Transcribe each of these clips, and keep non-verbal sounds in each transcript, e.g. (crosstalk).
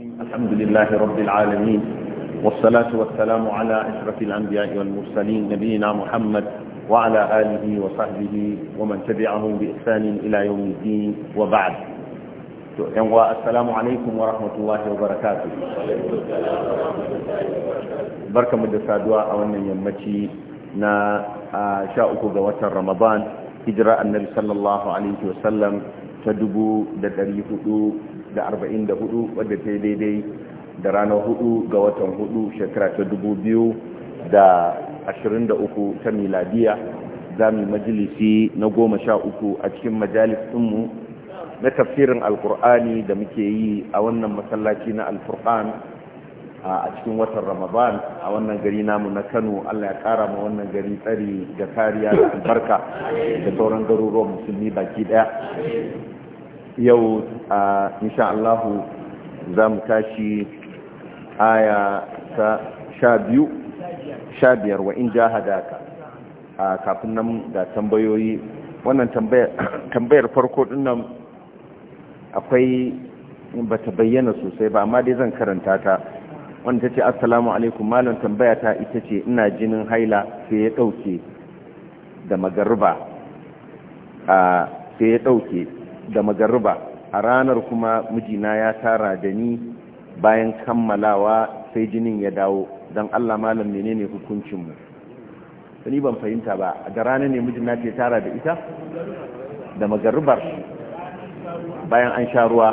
الحمد لله رب العالمين والصلاة والسلام على أشرف الأنبياء والمرسلين نبينا محمد وعلى آله وصحبه ومن تبعهم بإحسان إلى يوم الدين وبعد السلام عليكم ورحمة الله وبركاته بركة مدرسة دعاء أولا يمتي نا آه، شاءك بوتر رمضان هجرة النبي صلى الله عليه وسلم تدبو دقريه da arba'in da hudu wadda ta yi daidai da ranar hudu ga watan hudu shekara ta dubu biyu da ashirin da uku ta miladiya za mu majalisi na goma sha uku a cikin majalis ɗinmu na tafsirin alkur'ani da muke yi a wannan masallaci na alkur'an a cikin watan ramadan a wannan gari namu na kano allah ya kara ma wannan gari tsari da kariya da albarka da sauran garuruwan musulmi baki daya yau a insha Allahu za mu tashi aya ta sha biyu sha biyar wa in ja hadaka a kafin nan da tambayoyi wannan (coughs) tambayar farko dinnan akwai ba ta bayyana sosai ba amma dai zan karanta ta wanda ta ce assalamu alaikum malam tambaya ta ita ce ina jinin haila sai ya ɗauke da magarba sai ya ɗauke da magarba a ranar kuma mijina ya tara da ni bayan kammalawa sai jinin ya dawo don Allah malam menene hukuncinmu ni ban fahimta ba da rana ne mijina ke tara da ita da magarubar bayan an sha ruwa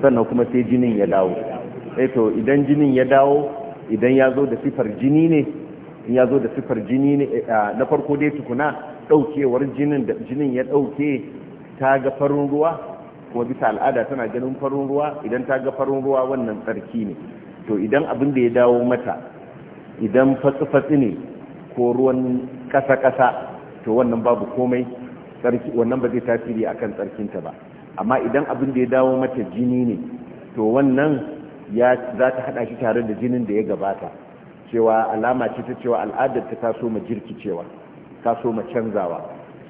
sannan kuma sai jinin ya dawo eh to idan jinin ya dawo idan ya zo da sifar jini ne in ya zo da sifar jini ne eh, ah, na farko dai tukuna daukewar jinin da jinin ya ɗauke ta ga farin ruwa kuma bisa al'ada tana ganin farin ruwa idan ta ga farin ruwa wannan tsarki ne to idan abin da ya dawo mata idan fatsi ne ko ruwan kasa-kasa to wannan babu komai tsarki wannan ba zai tasiri akan tsarkinta ba amma idan abin da ya dawo mata jini ne to wannan ya za ta haɗa shi tare da jinin da ya gabata cewa alama ce ta cewa al'adar ta taso ma jirkicewa taso ma canzawa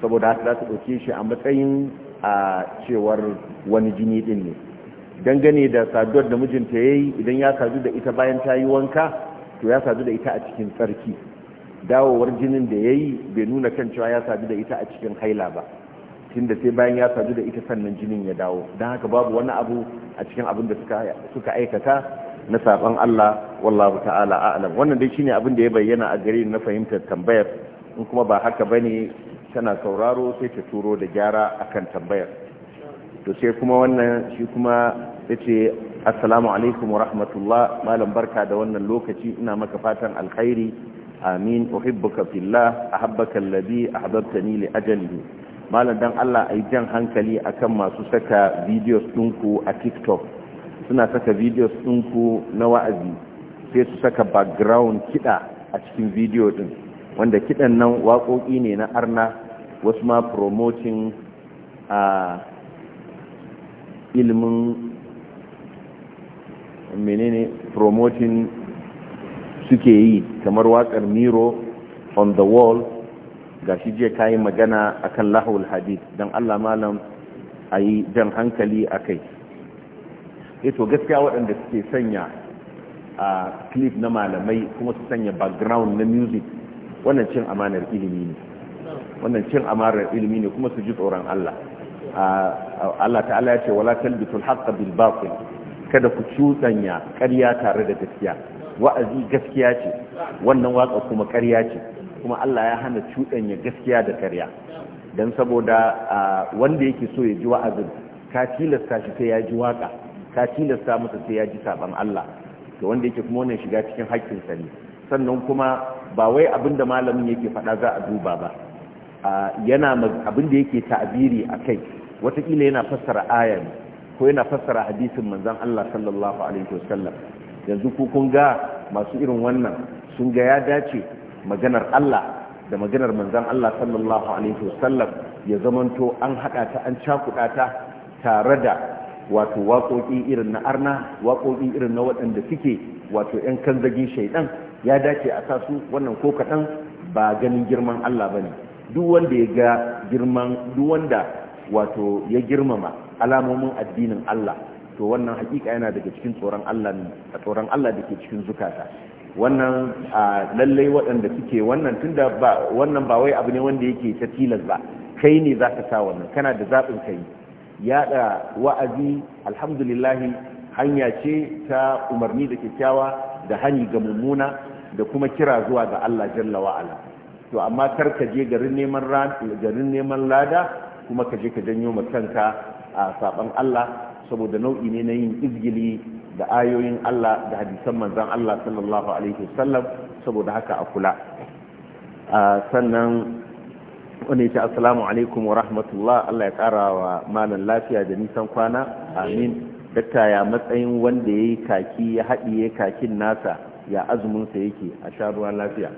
saboda haka za ta ɗauke shi a matsayin a cewar wani jini din ne dangane da saduwar da mijinta ya yi idan ya sadu da ita bayan ta yi wanka to ya sadu da ita a cikin tsarki dawowar jinin da ya yi bai nuna kan cewa ya sadu da ita a cikin haila ba tunda sai bayan ya sadu da ita sannan jinin ya dawo don haka babu wani abu a cikin abin da suka aikata na saban Allah wallahu ta'ala a'lam wannan dai shine abin da ya bayyana a gare na fahimtar tambayar in kuma ba haka bane tana sauraro sai ta turo da gyara akan tambayar to sai kuma wannan shi kuma ya ce assalamu alaikum wa rahmatullah malam barka da wannan lokaci ina maka fatan alkhairi amin uhibbuka fillah ahabbaka alladhi ahbabtani li ajalihi malam dan Allah ayi jan hankali akan masu saka videos dinku a TikTok suna saka videos dinku na wa'azi sai su saka background kiɗa a cikin video ɗin wanda kiɗan nan waƙoƙi ne na arna wasu ma promoting a ilimin menene promoting suke yi kamar wakar miro on the wall ga shi je kayi magana akan lahul hadith don allah malam a yi jan hankali a kai eh to gaskiya waɗanda suke sanya a clip na malamai kuma su sanya background na music wannan cin amanar ilimi ne wannan cin amarar ilimi ne kuma su ji tsoron Allah Allah ta'ala ya ce wala talbitul haqqa bil batil kada ku cutsanya ƙarya tare da gaskiya wa'azi gaskiya ce wannan waka kuma ƙarya ce kuma Allah ya hana cuɗanya gaskiya da ƙarya don saboda wanda yake so ya ji wa'azin ka tilasta shi sai ya ji waka ka tilasta masa sai ya ji saban Allah to wanda yake kuma wannan shiga cikin haƙƙin sani. ne sannan kuma ba wai abinda malamin yake faɗa za a duba ba yana abin da yake ta'abiri a kai watakila yana fassara ayan ko yana fassara hadisin manzan Allah sallallahu alaihi wasallam yanzu ku kun ga masu irin wannan sun ga ya dace maganar Allah da maganar manzan Allah sallallahu alaihi wasallam ya zamanto an haɗa ta an cakuɗa ta tare da wato waƙoƙi irin na arna waƙoƙi irin na waɗanda suke wato 'yan kanzagin shaidan ya dace a sa su wannan ko kaɗan ba ganin girman Allah ba ne duk wanda ya ga girman duk wanda wato ya girmama alamomin addinin Allah to wannan hakika yana daga cikin tsoron Allah a tsoron Allah da ke cikin zukata wannan lallai waɗanda suke wannan tunda ba wannan ba wai abu ne wanda yake ta tilas ba kai ne za ka sa wannan kana da zaɓin kai yaɗa wa'azi alhamdulillahi hanya ce ta umarni da kyakkyawa da hani ga mummuna da kuma kira zuwa ga Allah jalla wa'ala to amma kar ka je garin neman ran garin neman lada kuma ka je ka janyo ma kanka a saban Allah saboda nau'i ne na yin izgili da ayoyin Allah da hadisan manzon Allah sallallahu alaihi wasallam saboda haka a kula sannan wani ce assalamu alaikum wa rahmatullah Allah ya kara wa malam lafiya da nisan kwana amin dakta ya matsayin wanda ya yi kaki ya haɗiye kakin nasa ya azumin sa yake a sha ruwan lafiya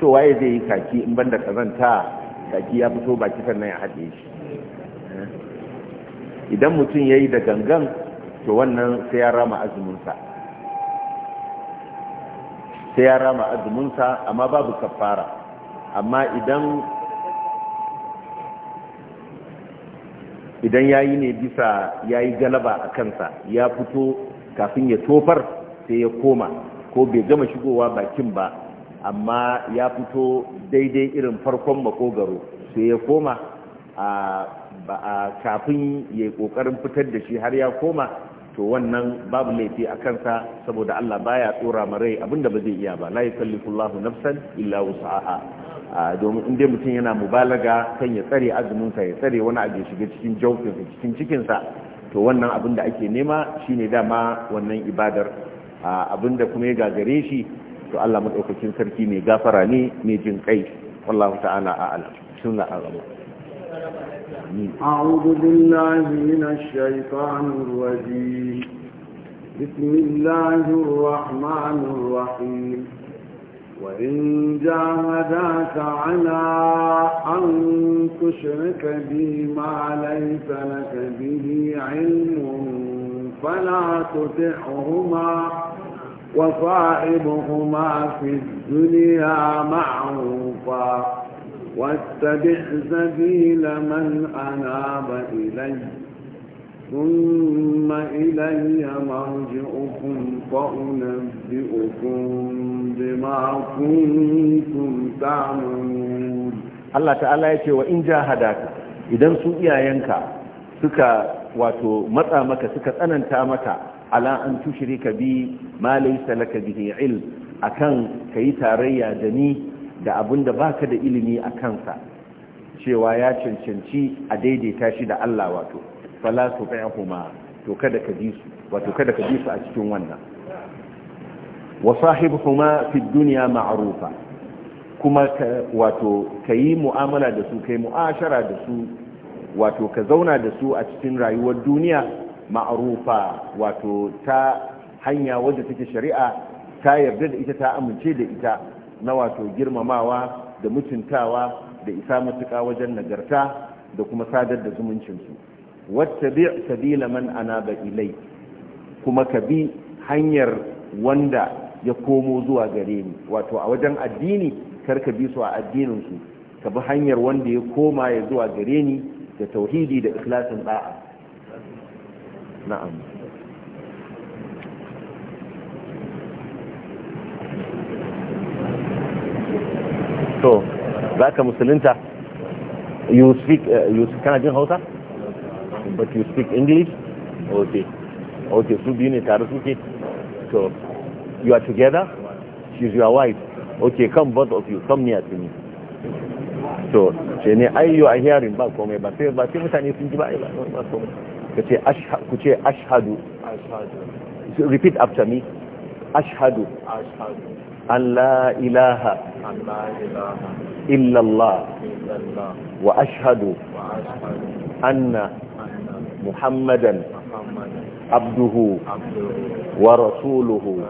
to waye zai yi kaki in banda kazanta kaki ya fito baki sannan ya haɗe shi eh? idan mutum ya yi da gangan to wannan sai ya rama azuminsa sai ya rama azuminsa amma babu kafara amma idan idan ya yi ne bisa ya yi galaba a kansa ya fito kafin ya tofar sai ya koma ko bai gama shigowa bakin ba amma ya fito daidai irin farkon makogaro sai ya koma a kafin ya yi kokarin fitar da shi har ya koma to wannan babu laifi a kansa saboda Allah ba ya tsora marai abinda ba zai iya ba la yukallifullahu nafsan illa wus'aha domin inda mutum yana mubalaga kan ya tsare azuminsa ya tsare wani abu ya shiga cikin jaukinsa cikin cikinsa to wannan abinda da ake nema shine dama wannan ibadar abinda da kuma ya gagare shi to Allah madaukakin sarki ne gafara ne ne jin kai wallahi ta'ala na alam sunna azama a'udhu billahi minash shaitanir rajim bismillahir rahmanir rahim wa in jahadaka ala an tushrika bima laysa laka bihi ilmun fala tuti'huma وصاحبهما في الدنيا معروفا واتبع سبيل من أناب إلي ثم إلي مرجعكم فأنبئكم بما كنتم تعملون الله تعالى يقول وإن جاهدك إذا سوء ينكا سكا واتو مطأ مكا سكا أنا انتا مكا ala an tushrika bi ma laysa laka bihi ilm akan kai tarayya da ni da abinda baka da ilimi akan sa cewa ya cancanci a daidaita shi da Allah wato fala kuma to kada ka ji su wato kada ka ji su a cikin wannan wa sahibuhuma fi dunya ma'rufa kuma wato kayi mu'amala da su kai mu'ashara da su wato ka zauna da su a cikin rayuwar duniya Ma'arufa wato ta hanya wadda take shari'a ta yarda da ita ta amince da ita na wato girmamawa da mutuntawa da isa matuka wajen nagarta da kuma sadar da zumuncinsu wata bi sabila man ba ilai kuma ka bi hanyar wanda ya komo zuwa gare ni wato a wajen addini kar ka bi su a addininsu ka bi hanyar wanda ya koma ya zuwa gare ni da tauhidi da ikhlasin da'a na'am to za ka musulunta you speak uh, you kana jin hausa but you speak english okay okay su biyu ne tare suke so you are together she's your wife okay come both of you come near to me so ce ne ai you hearing ba komai ba sai mutane sun ji ba ba komai ku ce ashadu repeat after me ashadu an la ilaha illallah wa ashadu anna muhammadan abduhu wa rasuluhu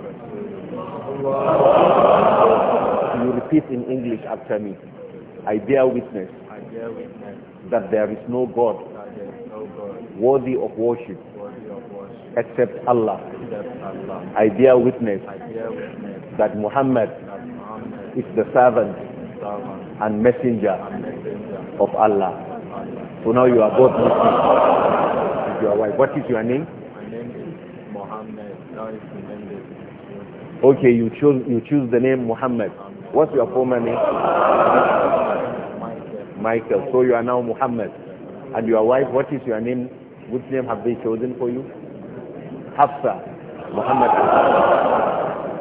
you repeat in English after me I bear witness that there is no God worthy of worship except Allah. I bear witness that Muhammad is the servant and messenger of Allah. So now you are both Muslims with your wife. What is your name? name is Muhammad. Okay, you choose you choose the name Muhammad. What's your former name? Michael. So you are now Muhammad. And your wife, what is your name? Which name have they chosen for you? Hafsa Muhammad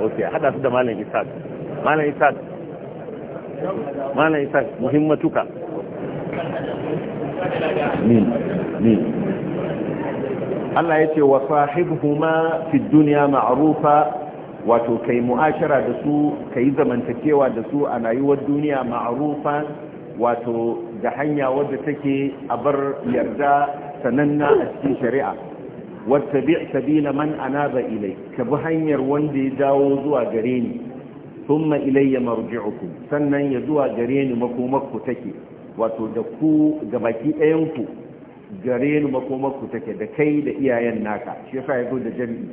Okay, hada su da Malam Isaac. Malam Isaac. Malam Isaac, muhimmatuka. Ni, ni. Allah ya ce wa sahibuhuma fi duniya ma'rufa wato kai mu'ashara da su kai zamantakewa da su a rayuwar duniya ma'rufa wato da hanya wadda take a bar yarda sananna a cikin shari'a wata bi sabila man anaba ilai ka bi hanyar wanda ya dawo zuwa gare ni thumma ilayya marji'ukum sannan ya zuwa gare ni makomakku take wato da ku ga baki ɗayan ku gare ni makomakku take da kai da iyayen naka shi yasa ya zo da jami'i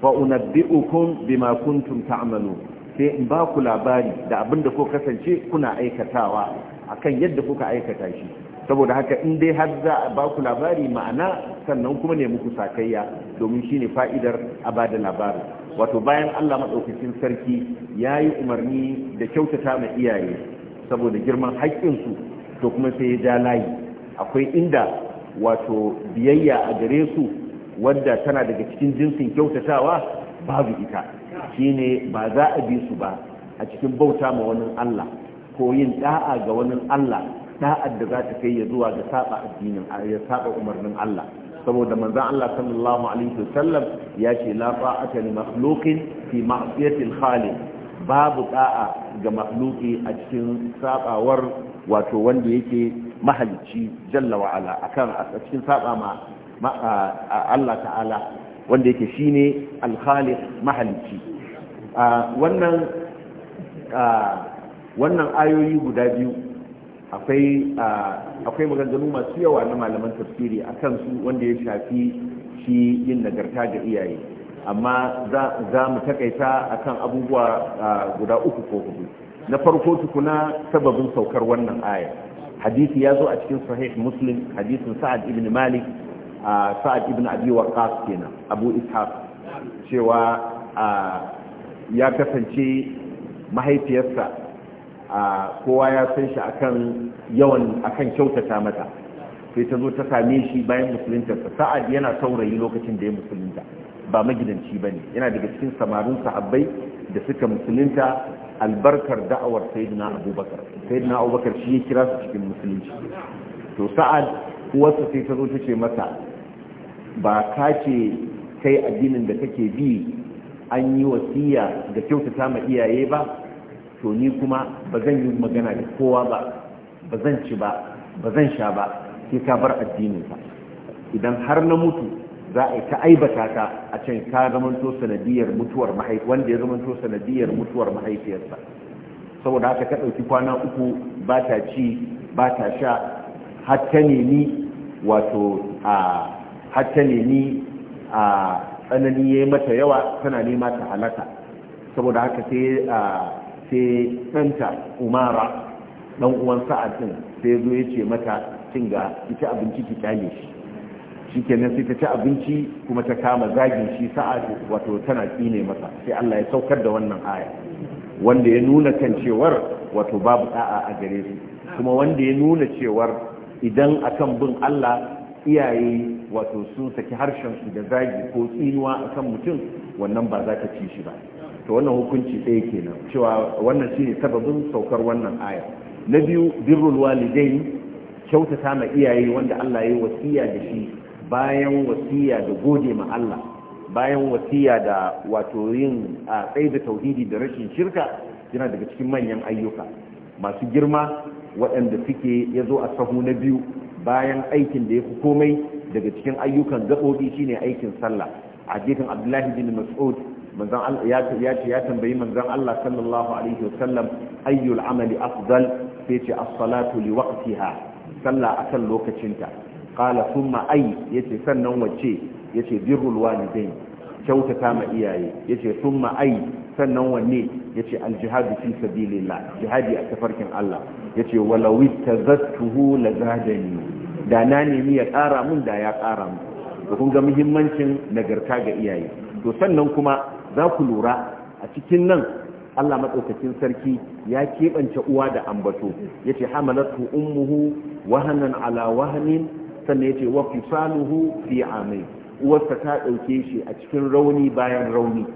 fa unabbi'ukum bima kuntum ta'malun sai in ba ku labari da abin da ko kasance kuna aikatawa akan yadda kuka aikata shi saboda haka in dai har za a ba ku labari ma'ana sannan kuma ne muku sakayya domin shine fa'idar a ba da labari wato bayan Allah madaukakin sarki ya yi umarni da kyautata ma iyaye saboda girman su to kuma sai ya ja layi akwai inda wato biyayya a gare su wadda tana daga cikin jinsin kyautatawa babu ita shine ba za a bi su ba a cikin bauta ma wani Allah ko yin da'a ga wani Allah da'ar da za ta kai ya zuwa ga saba addinin ya saba umarnin Allah saboda manzon Allah sallallahu alaihi wasallam ya ce la ta'ata li makhluqin fi ma'siyati al-khaliq babu da'a ga makhluqi a cikin sabawar wato wanda yake mahalicci jalla wa ala akan a cikin saba ma Allah ta'ala wanda yake shine al-khaliq mahalicci wannan wannan ayoyi guda biyu akwai maganganu masu yawa na malaman tafsiri a kan su wanda ya shafi shi yin nagarta ga iyaye amma za mu takaita a kan abubuwa guda uku ko hudu na farko tukuna sababin saukar wannan aya hadisi ya zo a cikin sahih muslim hadisin sa'ad ibn malik sa'ad ibn abi waqas kenan abu ishaq cewa ya kasance mahaifiyarsa kowa ya san shi akan yawan akan kyautata mata sai ta zo ta same shi bayan musulunta sa'ad yana saurayi lokacin da ya musulunta ba magidanci ba ne yana daga cikin samarin sahabbai da suka musulunta albarkar da'awar sayyidina abubakar sayyidina abubakar shi ya kira su cikin musulunci to sa'ad uwarsa sai ta zo ta ce mata, ba ka ce kai addinin da kake bi an yi wasiya ga kyautata ma iyaye ba to ni kuma ba zan yi magana da kowa ba ba zan ci ba ba zan sha ba sai ka bar addininka idan har na mutu za a yi ta aibata ka a can ka zamanto sanadiyar mutuwar mahaifiyar wanda ya zamanto sanadiyar mutuwar mahaifiyarsa saboda haka ka ɗauki kwana uku ba ta ci ba ta sha har ta nemi wato a har ta nemi a tsanani ya yi mata yawa tana nema ta halaka saboda haka sai sai ɗanta umara dan uwan sa'ad ɗin sai zo ya ce mata cin ga ita abinci ki kyale shi shi kenan sai ta ci abinci kuma ta kama zagin shi sa'ad wato tana tsine masa sai Allah ya saukar da wannan aya wanda ya nuna kan cewar wato babu da'a a gare su kuma wanda ya nuna cewar idan akan bin Allah iyaye wato sun saki harshen su da zagi ko tsinuwa akan mutum wannan ba za ka ci shi ba to wannan hukunci ɗaya kenan cewa wannan shine sababin saukar wannan aya na biyu birrul walidain kyautata ma iyaye wanda Allah ya yi wasiya da shi bayan wasiya da gode ma Allah bayan wasiya da wato yin a tsaye da tauhidi da rashin shirka yana daga cikin manyan ayyuka masu girma waɗanda suke ya zo a sahu na biyu bayan aikin da ya fi komai daga cikin ayyukan gaɓoɓi shine aikin sallah a gefen abdullahi bin mas'ud manzon ya ce ya tambayi manzon Allah sallallahu alaihi wa sallam ayyul amali afdal sai ce as-salatu li waqtiha sallah akan lokacinta qala thumma ay yace sannan wacce yace birrul walidain kyautata ma iyaye yace thumma ay sannan wanne yace al-jihadu fi sabilillah jihadi a tafarkin Allah yace walaw tazattuhu la zadani da na nemi ya kara mun da ya kara mun kun ga muhimmancin nagarta ga iyaye to sannan kuma za ku lura a cikin nan Allah maɗaukacin sarki ya keɓance uwa da ambato ya ce hamalatu ummuhu wahanan ala wahanin sannan ya ce wa fisaluhu fi amai uwarsa ta ɗauke shi a cikin rauni bayan rauni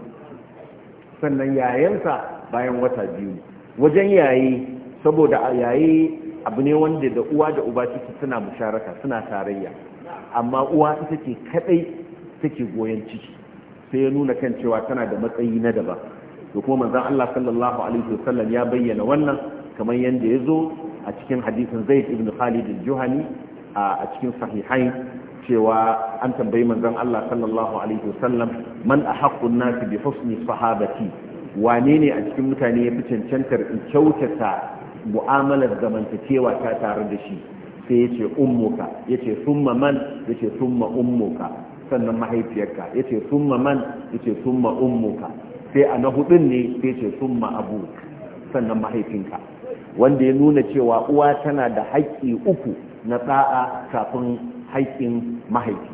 sannan yayansa bayan wata biyu wajen yayi saboda yayi abu ne wanda da uwa da uba ciki suna musharaka suna tarayya amma uwa ita ce kaɗai take goyon ciki sai ya nuna kan cewa tana da matsayi na daban to kuma manzon Allah sallallahu alaihi wasallam ya bayyana wannan kamar yanda ya zo a cikin hadisin Zaid ibn Khalid al-Juhani a cikin sahihain cewa an tambayi manzon Allah sallallahu alaihi wasallam man ahaqqu an-nas bi husni sahabati wane ne a cikin mutane ya fi cancantar in kyautata mu'amalar zamantakewa ta tare da shi sai ya ce ummuka ya ce summa man ya ce summa ummuka sannan mahaifiyarka ya ce summa man ya ce summa ummuka sai a na hudun ne sai ce summa abu sannan mahaifinka wanda ya nuna cewa uwa tana da haƙƙi uku na tsa'a kafin haƙƙin mahaifi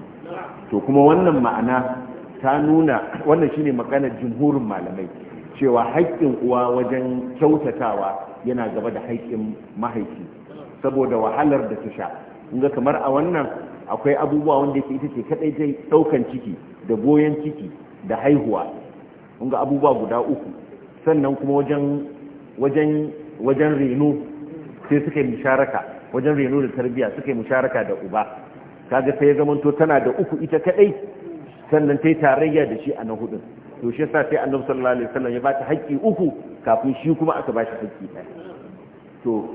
to kuma wannan ma'ana ta nuna wannan shine maganar jumhurin malamai cewa haƙƙin uwa wajen kyautatawa yana gaba da haƙƙin mahaifi saboda wahalar da ta sha inga kamar a wannan akwai abubuwa wanda yake ita ce kadai ta daukan ciki da goyon ciki da haihuwa kun ga abubuwa guda uku sannan kuma wajen wajen wajen reno sai suka yi musharaka wajen reno da tarbiya suka yi musharaka da uba kaga sai ya to tana da uku ita kadai sannan ta yi tarayya da shi a na hudun to shi yasa sai annabi sallallahu alaihi wasallam ya bata haƙƙi uku kafin shi kuma aka bashi haƙƙi ɗaya to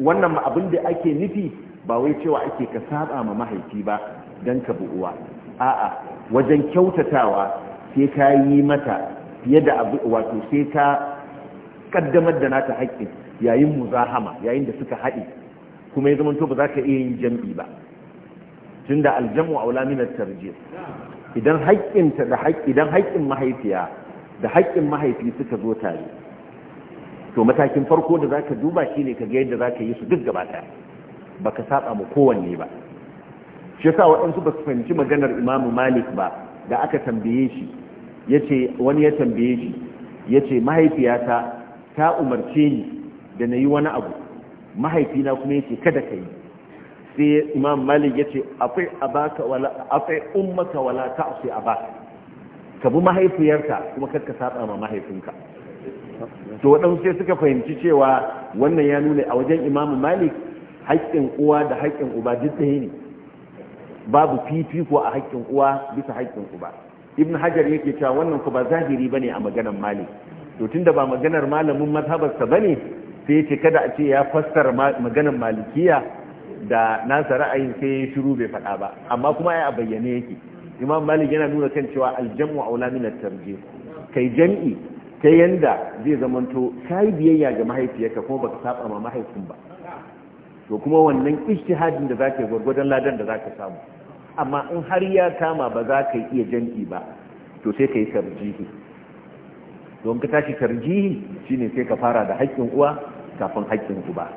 wannan abin da ake nufi ba wai cewa ake ka saba ma mahaifi ba don ka bi uwa a'a wajen kyautatawa sai ka yi mata fiye da abu wato sai ka kaddamar da nata haƙƙin yayin muzahama yayin da suka haɗe kuma ya zamanto ba za ka iya yin jam'i ba tun da aljamu a wula minar tarjih idan haƙƙin da idan haƙƙin mahaifiya da haƙƙin mahaifi suka zo tare to matakin farko da za ka duba shi ne ka ga yadda za ka yi su duk gabata. baka saba ma kowanne ba shi yasa waɗansu ba su fahimci maganar imamu malik ba da aka tambaye shi ce wani ya tambaye shi yace mahaifiyata ta umarce ni da na yi wani abu mahaifina kuma ce kada ka yi sai imam malik ya ce akwai abaka wala akwai ummaka wala ta'si abaka ka bi mahaifiyarka kuma kar ka saba ma mahaifinka to waɗansu sai suka fahimci cewa wannan ya nuna a wajen imamu malik haƙƙin uwa da haƙƙin uba duk ɗaya ne babu fifiko a haƙƙin uwa bisa haƙƙin uba ibn hajar yake cewa wannan ku ba zahiri bane a maganar malik to tunda ba maganar malamin mazhabarsa bane sai ya ce kada a ce ya fassara maganar malikiya da nasa ra'ayin sai ya shiru bai faɗa ba amma kuma ai a bayyane yake imam malik yana nuna kan cewa aljamu aula min tarjih kai jam'i ta yanda zai zamanto kai biyayya ga mahaifiyarka kuma baka saba ma mahaifin ba to kuma wannan ijtihadin da zaka gurgurdan ladan da zaka samu amma in har ya kama ba za ka iya jam'i ba to sai ka yi tarjihi don ka tashi tarjihi shine sai ka fara da haƙƙin uwa kafin haƙƙin uba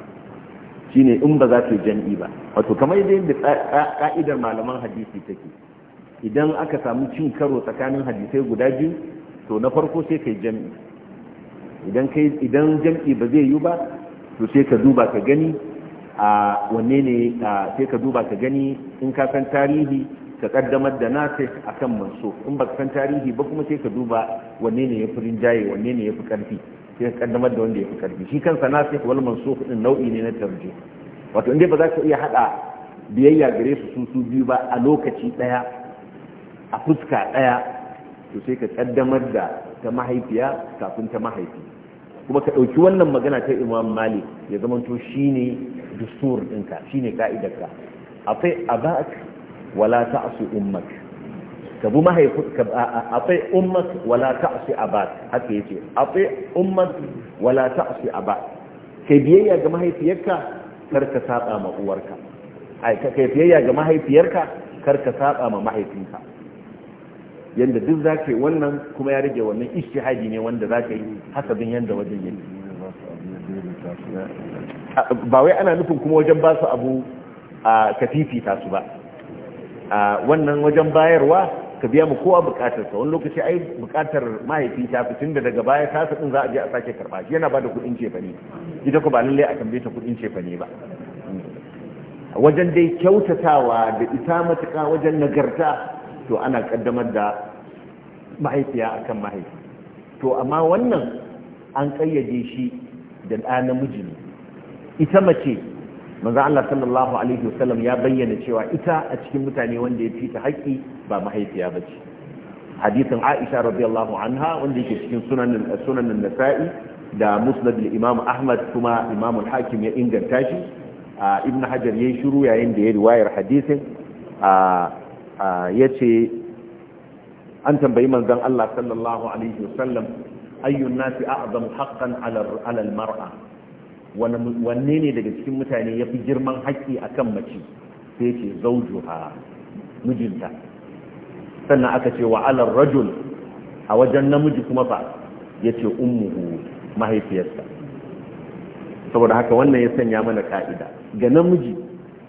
shine in ba za ka yi jam'i ba wato kamar yadda yadda ka'idar malaman hadisi take idan aka samu cin karo tsakanin hadisai guda biyu to na farko sai ka yi jam'i idan jam'i ba zai yi ba to sai ka duba ka gani a wanne ne sai ka duba ka gani in ka san tarihi ka kaddamar da nasir kan manso in ba ka san tarihi ba kuma sai ka duba wanne ne ya fi rinjaye wanne ne ya fi karfi sai ka kaddamar da wanda ya fi karfi shi kansa nasir wal manso din nau'i ne na tarje wato inda ba za ka iya hada biyayya gare su su su biyu ba a lokaci daya a fuska daya to sai ka kaddamar da ta mahaifiya kafin ta mahaifi kuma ka ɗauki wannan magana ta imam malik ya zama to shi ne dusur ɗinka shi ne ka'idarka akwai abak wala ta'asu ummak ka bi mahaifin akwai ummak wala ta'asu abak haka ce. akwai ummak wala ta'asu abak kai biyayya ga mahaifiyarka kar ka saba ma uwarka ai kai biyayya ga mahaifiyarka kar ka saba ma mahaifinka yanda duk za ka yi wannan kuma ya rage wannan ishtihadi ne wanda za ka yi hasabin yanda wajen yake ba wai ana nufin kuma wajen ba su abu a ka fifita su ba wannan wajen bayarwa ka biya mu kowa bukatar sa wani lokaci ai bukatar mahaifi ta fitin da daga baya ta ɗin za a je a sake karba shi yana bada kudin cefa ne ita ko ba lalle a tambaye ta kudin cefa ne ba wajen dai kyautatawa da ita matuka wajen nagarta to ana kaddamar da mahaifiya akan mahaifi to amma wannan an kayyade shi da ɗa namiji ne ita mace manzo Allah sallallahu alaihi wasallam ya bayyana cewa ita a cikin mutane wanda ya fita haƙƙi ba mahaifiya bace hadisin Aisha radiyallahu anha wanda yake cikin sunan sunan nasai da musnad al-imam Ahmad kuma imam al-Hakim ya inganta shi ibn Hajar ya shiru yayin da ya riwayar hadisin ya ce an tambayi manzon Allah sallallahu alaihi wasallam ayyun nasi a'zamu haqqan haƙƙan alal mara wanne ne daga cikin mutane ya fi girman haƙƙi a kan mace sai ce a mijinta sannan aka ce wa alal rajul a wajen namiji kuma fa yace ummuhu mahaifiyarsa saboda haka wannan ya sanya mana ka'ida ga namiji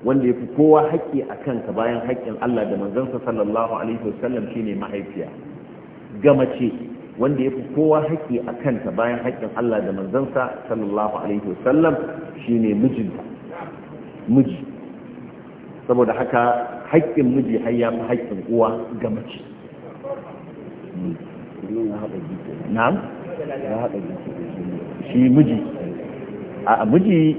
wanda ya fi kowa haƙƙi a kanka bayan haƙƙin Allah da manzansa sallallahu alaihi wasallam shine mahaifiya ga mace wanda ya fi kowa haƙƙi a kanta bayan haƙƙin Allah da manzansa sallallahu alaihi wasallam shine mijinta miji saboda haka haƙƙin miji har ya fi haƙƙin uwa ga mace na'am shi miji a miji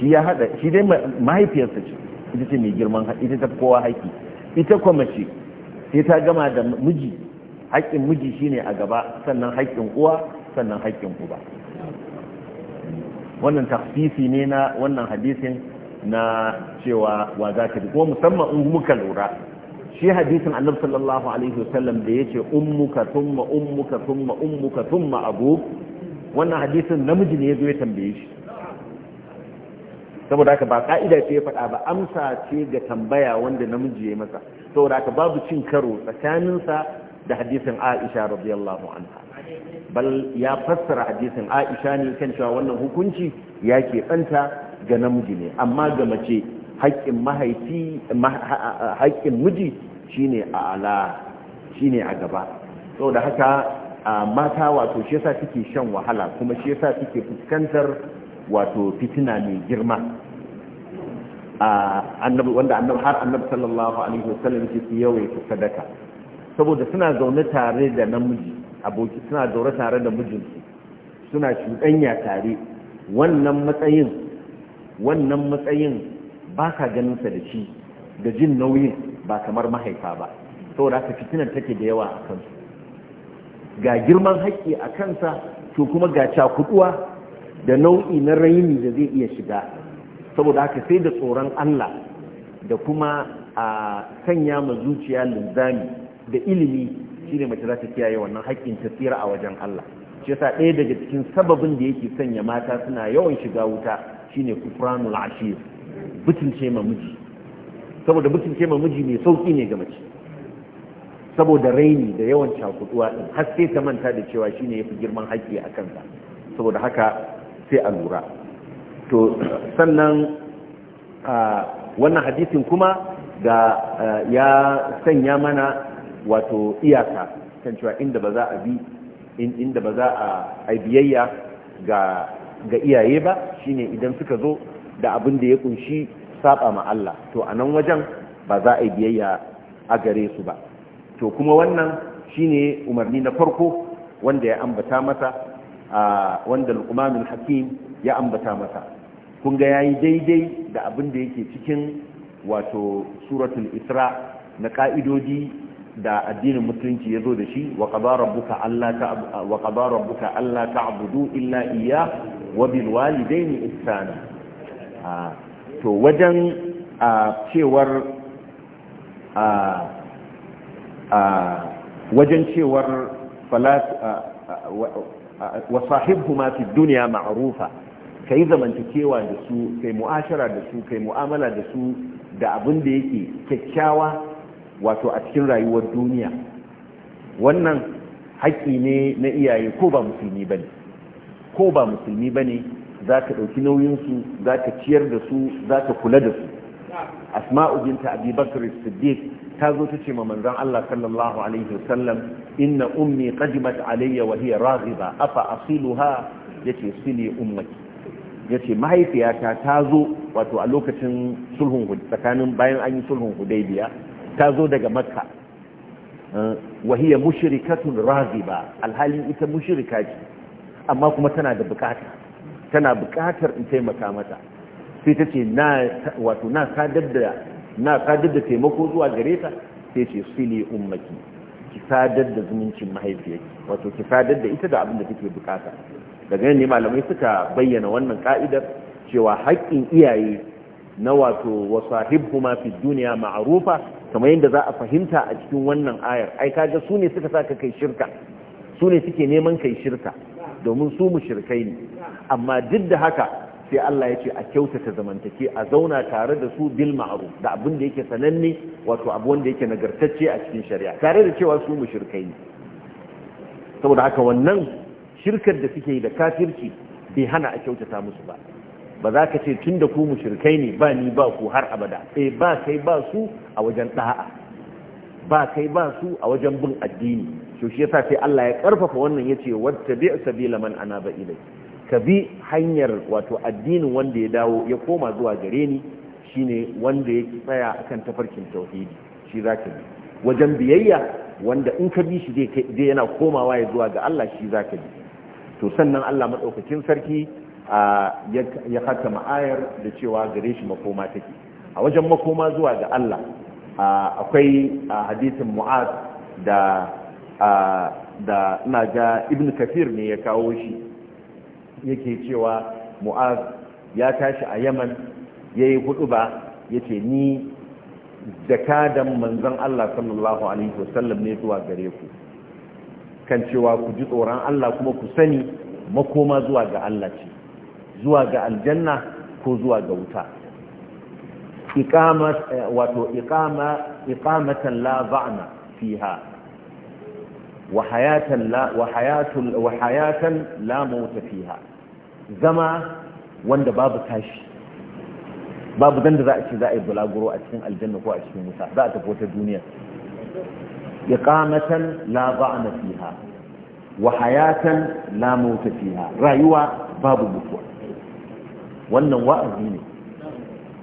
shi ya hada shi dai mahaifiyarsa ce ita ce mai girman ita ta kowa haƙƙi ita kuma mace sai ta gama da miji haƙƙin miji shine a gaba sannan haƙƙin uwa sannan haƙƙin uba wannan tafsisi ne na wannan hadisin na cewa wa za ka kuma musamman in muka lura shi hadisin annabi sallallahu alaihi wasallam da yace ummuka thumma ummuka thumma ummuka thumma abu wannan hadisin namiji ne yazo ya tambaye shi saboda haka ba ka'ida ce ya faɗa ba amsa ce ga tambaya wanda namiji ya masa saboda haka babu cin karo tsakaninsa da hadisin Aisha radiyallahu anha bal ya fassara hadisin Aisha ne kan cewa wannan hukunci ya ke tsanta ga namiji ne amma ga mace haƙƙin mahaifi haƙƙin miji shine a ala shine a gaba saboda haka mata wato shi yasa suke shan wahala kuma shi yasa suke fuskantar wato fitina mai girma wanda annabi har annabi sallallahu alaihi wasallam yake su yawaita sadaka saboda suna zaune tare da namiji aboki suna zaune tare da mijinsu suna cuɗanya tare wannan matsayin wannan matsayin ba ka ganin da shi da jin nauyin ba kamar mahaifa ba saboda haka fitinar take da yawa a kansu ga girman haƙƙi a kansa to kuma ga cakuduwa da nau'i na raini da zai iya shiga saboda haka sai da tsoron Allah da kuma a sanya ma zuciya linzami da ilimi shine mace za ta kiyaye wannan haƙƙin tafiyar a wajen Allah shi yasa ɗaya daga cikin sababin da yake sanya mata suna yawan shiga wuta shine kufranul ashir ce ma miji saboda ce ma miji mai sauki ne ga mace saboda raini da yawan cakuduwa din har sai ta manta da cewa shine yafi girman haƙƙi a kansa saboda haka sai a lura to sannan wannan hadisin kuma ga ya sanya mana wato iyaka kan cewa inda ba za a bi inda ba za a biyayya ga iyaye ba shine idan suka zo da abin da ya kunshi saba ma Allah to a nan wajen ba za a biyayya a gare su ba to kuma wannan shine umarni na farko wanda ya ambata mata wanda luqmanul hakim ya ambata masa kun ga yayi daidai da abin da yake cikin wato suratul isra na ka'idodi da addinin musulunci ya zo da shi wa qadara rabbuka alla ta wa illa iyyah wa bil walidayni ihsana to wajen cewar wajen cewar fala wa sahibhuma fi dunya ma'rufa kai zamantakewa da su kai mu'ashara da su kai mu'amala da su da abin da yake kyakkyawa wato a cikin rayuwar duniya wannan haƙƙi ne na iyaye ko ba musulmi bane ko ba musulmi bane za ka ɗauki nauyinsu za ka ciyar da su za ka kula da su asma'u binta abi bakr siddiq ta zo ta ce ma manzon Allah sallallahu alaihi wasallam inna ummi qadimat alayya wa hiya raghiba afa asiluha yace sili ummaki yace mahaifiyata ta zo wato a lokacin sulhun tsakanin bayan an yi sulhun hudaybiya ta zo daga makka wa hiya mushrikatun raghiba alhali ita mushrika ce amma kuma tana da bukata tana bukatar in taimaka mata sai ta ce na wato na sadar da na sadar da taimako zuwa gare ta sai ce sili ummaki ki sadar da zumuncin mahaifiyarki wato ki sadar da ita da abin da take bukata daga ne malamai suka bayyana wannan ka'idar cewa haƙƙin iyaye na wato wasahibhuma fi duniya ma'arufa kamar yadda za a fahimta a cikin wannan ayar ai kaga su ne suka saka kai shirka su ne suke neman kai shirka domin su mushrikai ne amma duk da haka sai Allah ya ce a kyautata zamantake a zauna tare da su bil da abin da yake sananne wato abu wanda yake nagartacce a cikin shari'a tare da cewa su mushrikai ne saboda haka wannan shirkar da suke yi da kafirci bai hana a kyautata musu ba ba za ka ce tun da ku mushrikai ne ba ni ba ku har abada eh ba kai ba su a wajen da'a ba kai ba su a wajen bin addini to shi yasa sai Allah ya karfafa wannan yace wattabi' sabila man anaba ilayhi ka bi hanyar wato addinin wanda ya dawo ya koma zuwa gare ni shine wanda ya tsaya akan tafarkin tauhidi shi za ka bi wajen biyayya wanda in ka bi shi zai yana komawa ya zuwa ga Allah shi za ka bi to sannan Allah maɗaukakin sarki ya haka ma'ayar da cewa gare shi makoma take a wajen makoma zuwa ga Allah akwai hadisin Mu'ad da da ina ga ibn kafir ne ya kawo shi yake cewa mu'az ya tashi a yaman ya yi hudu ba ya ce ni jakadan manzon Allah sallallahu alaihi wasallam ne zuwa gare ku kan cewa ku ji tsoron Allah kuma ku sani makoma zuwa ga Allah ce zuwa ga aljanna ko zuwa ga wuta iqama wato iqama iqamatan la ba'na fiha wa hayatan la fiha zama wanda babu tashi babu dan da za a ce za a yi bulaguro a cikin aljanna ko a cikin wuta za a tafi wata duniya iqamatan la ba'na fiha wa hayatan la fiha rayuwa babu mutuwa wannan wa'azi ne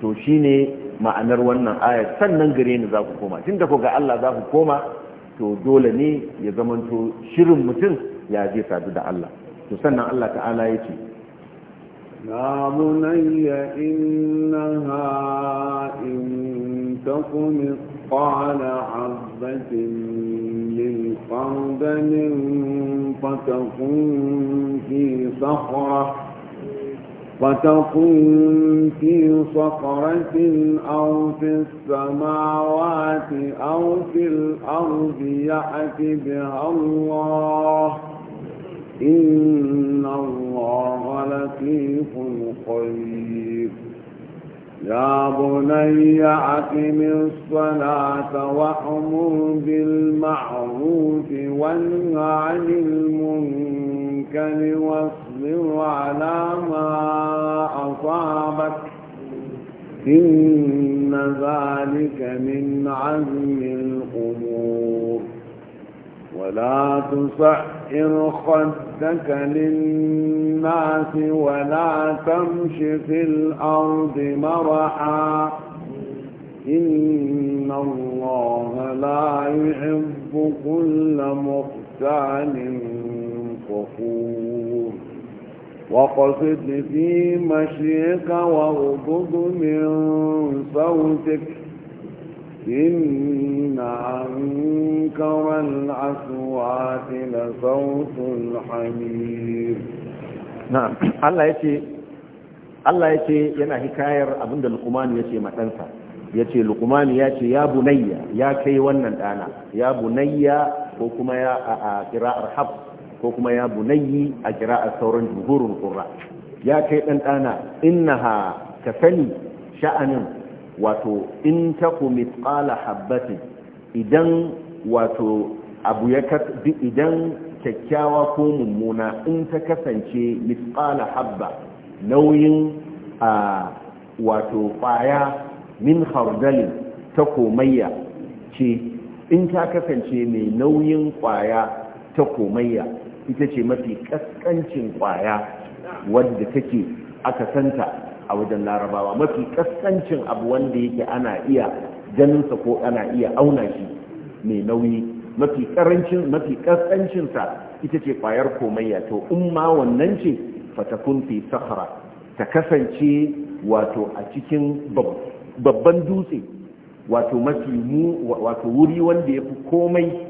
to shine ma'anar wannan ayar sannan gare ni za ku koma tun da ku ga Allah za ku koma to dole ne ya zamanto shirin mutum ya je sadu da Allah to sannan Allah ta'ala ya ce ya inna ha in takum qala 'azbatin min qandamin fatakun fi sahra فتكون في صخرة أو في السماوات أو في الأرض يأت بها الله إن الله لطيف خبير يا بني أقم الصلاة وأمر بالمعروف وانه عن المنكر واصبر على ما أصابك إن ذلك من عزم الأمور ولا تسعر خدك للناس ولا تمش في الأرض مرحا إن الله لا يحب كل مختال فخور وقصد في مشيك واغضض من صوتك إن أنكر العسوات لصوت الحمير نعم الله يتي الله يتي ينا حكاير أبند لقمان يتي مكانسا yace luqman yace ya bunayya ya kai wannan dana ya bunayya ko kuma ya a qira'ar hafs ko kuma ya bunayi a a sauran jumhurin qurra ya kai dan dana innaha ka sani sha'anin wato in taku mithqala habbatin idan wato abu ya idan kyakkyawa ko mummuna in ta kasance mithqala habba nauyin a wato kwaya min hardalin ta komayya ce in ta kasance mai nauyin kwaya ta komayya ita ce mafi kaskancin kwaya wadda take aka santa a wajen larabawa mafi kaskancin abu wanda yake ana iya ganinsa ko ana iya auna shi mai nauyi mafi karancin mafi kaskancinsa ita ce kwayar komayya to in ma wannan ce fatakun fi sahara ta kasance wato a cikin babban dutse wato mafi mu wato wuri wanda ya fi komai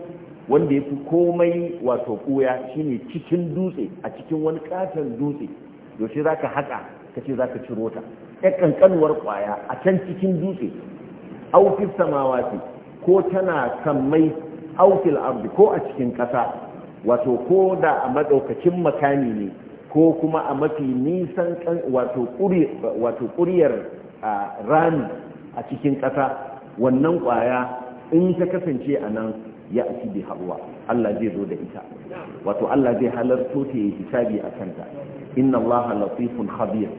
wanda ya fi komai wato ɓuya shine cikin dutse a cikin wani katon dutse yaushe za ka haƙa ka ce za ka ciro ta ya ƙanƙanwar ƙwaya a can cikin dutse aufil samawati ko tana kan mai aufil ardi ko a cikin ƙasa wato ko da a maɗaukacin makami ne ko kuma a mafi nisan wato ƙuryar rami a cikin ƙasa wannan ƙwaya in ta kasance a nan ya ci bi hawa Allah zai zo da ita wato Allah zai halarto ta yi hisabi a kanta inna Allah latifun khabir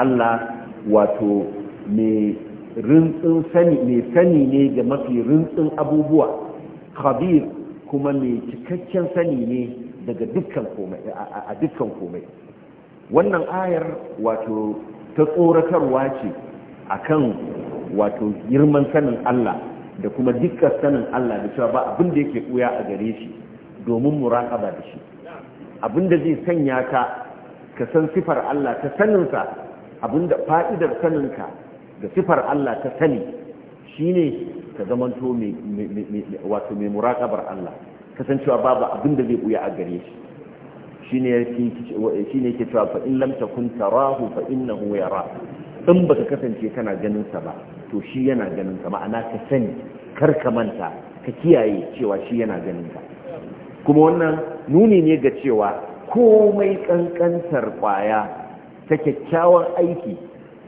Allah wato mai rintsin sani mai sani ne ga mafi rintsin abubuwa khabir kuma mai cikakken sani ne daga dukkan komai a dukkan komai wannan ayar wato ta tsoratarwa ce akan wato girman sanin Allah da kuma dukkan sanin Allah da cewa ba abin da yake buya a gare shi domin muraƙaba da shi abin da zai sanya ka ka san sifar Allah ka saninsa abin da fa'idar saninka da sifar Allah ka sani shi ne ka zamanto mai wato mai muraƙabar Allah kasancewa babu abin da zai buya a gare shi shine yake cewa fa in lam takun tarahu fa innahu yara in ba ka kasance kana ganinsa ba to shi yana ganin ma'ana ka sani kar ka manta ka kiyaye cewa shi yana ganin kuma wannan nuni ne ga cewa komai kankantar ƙwaya ta kyakkyawan aiki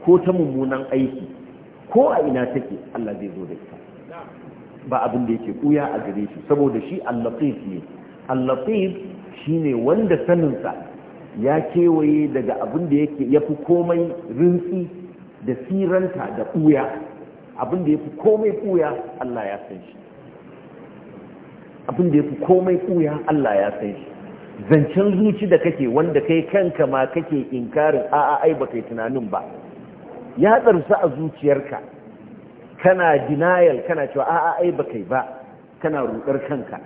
ko ta mummunan aiki ko a ina take Allah zai zo da ita ba abin da yake kuya a gare shi saboda shi al-latif ne al-latif shine wanda saninsa ya kewaye daga abin da yake yafi komai rinsi da siranta da ɓuya abin da ya fi komai ɓuya Allah ya san shi abin ya fi komai ɓuya Allah ya san shi zancen zuci da kake wanda kai kanka ma kake inkarin a'a ai ba kai tunanin ba ya tsarsu a zuciyarka kana denial kana cewa a'a ai ba kai ba kana rudar kanka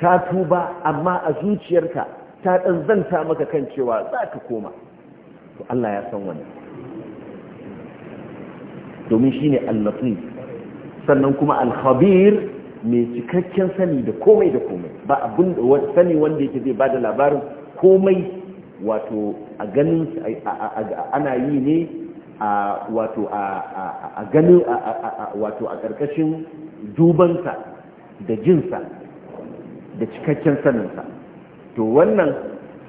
ka tuba amma a zuciyarka ta ɗan zanta maka kan cewa za ka koma to Allah ya san wannan domin shi ne allafi sannan kuma alhabir mai cikakken sani da komai da komai ba abin da sani wanda yake zai ba da labarin komai wato a ganin ana yi ne wato a ganin wato a ƙarƙashin dubansa da jinsa da cikakken saninsa to wannan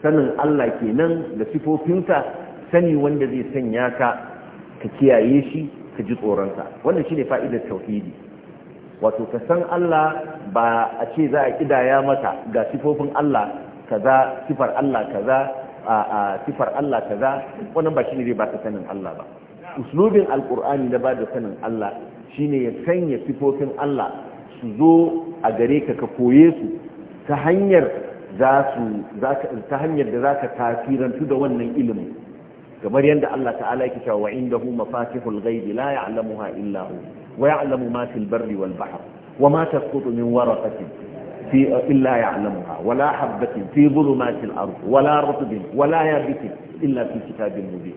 sanin Allah kenan da sifofinsa sani wanda zai sanya ka ka kiyaye shi ka ji tsoron tsoronsa wannan shine fa'idar tauhidi wato ka san Allah ba a ce za a kidaya mata ga sifofin Allah kaza sifar Allah kaza a sifar Allah kaza wannan ba shine ba ka sanin Allah ba uslubin alqur'ani da ba da sanin Allah shine ya sanya sifofin Allah su zo a gare ka ka koye su ta hanyar za su ta hanyar da zaka tasirantu da wannan ilimin kamar yadda Allah ta'ala yake cewa wa indahu mafatihul ghaibi la ya'lamuha illa hu wa ya'lamu ma fil barri wal bahr wa ma tasqutu min waraqatin fi illa ya'lamuha wa la habatin fi dhulumatil ard wa la rutbin wa la yabisin illa fi kitabin mubin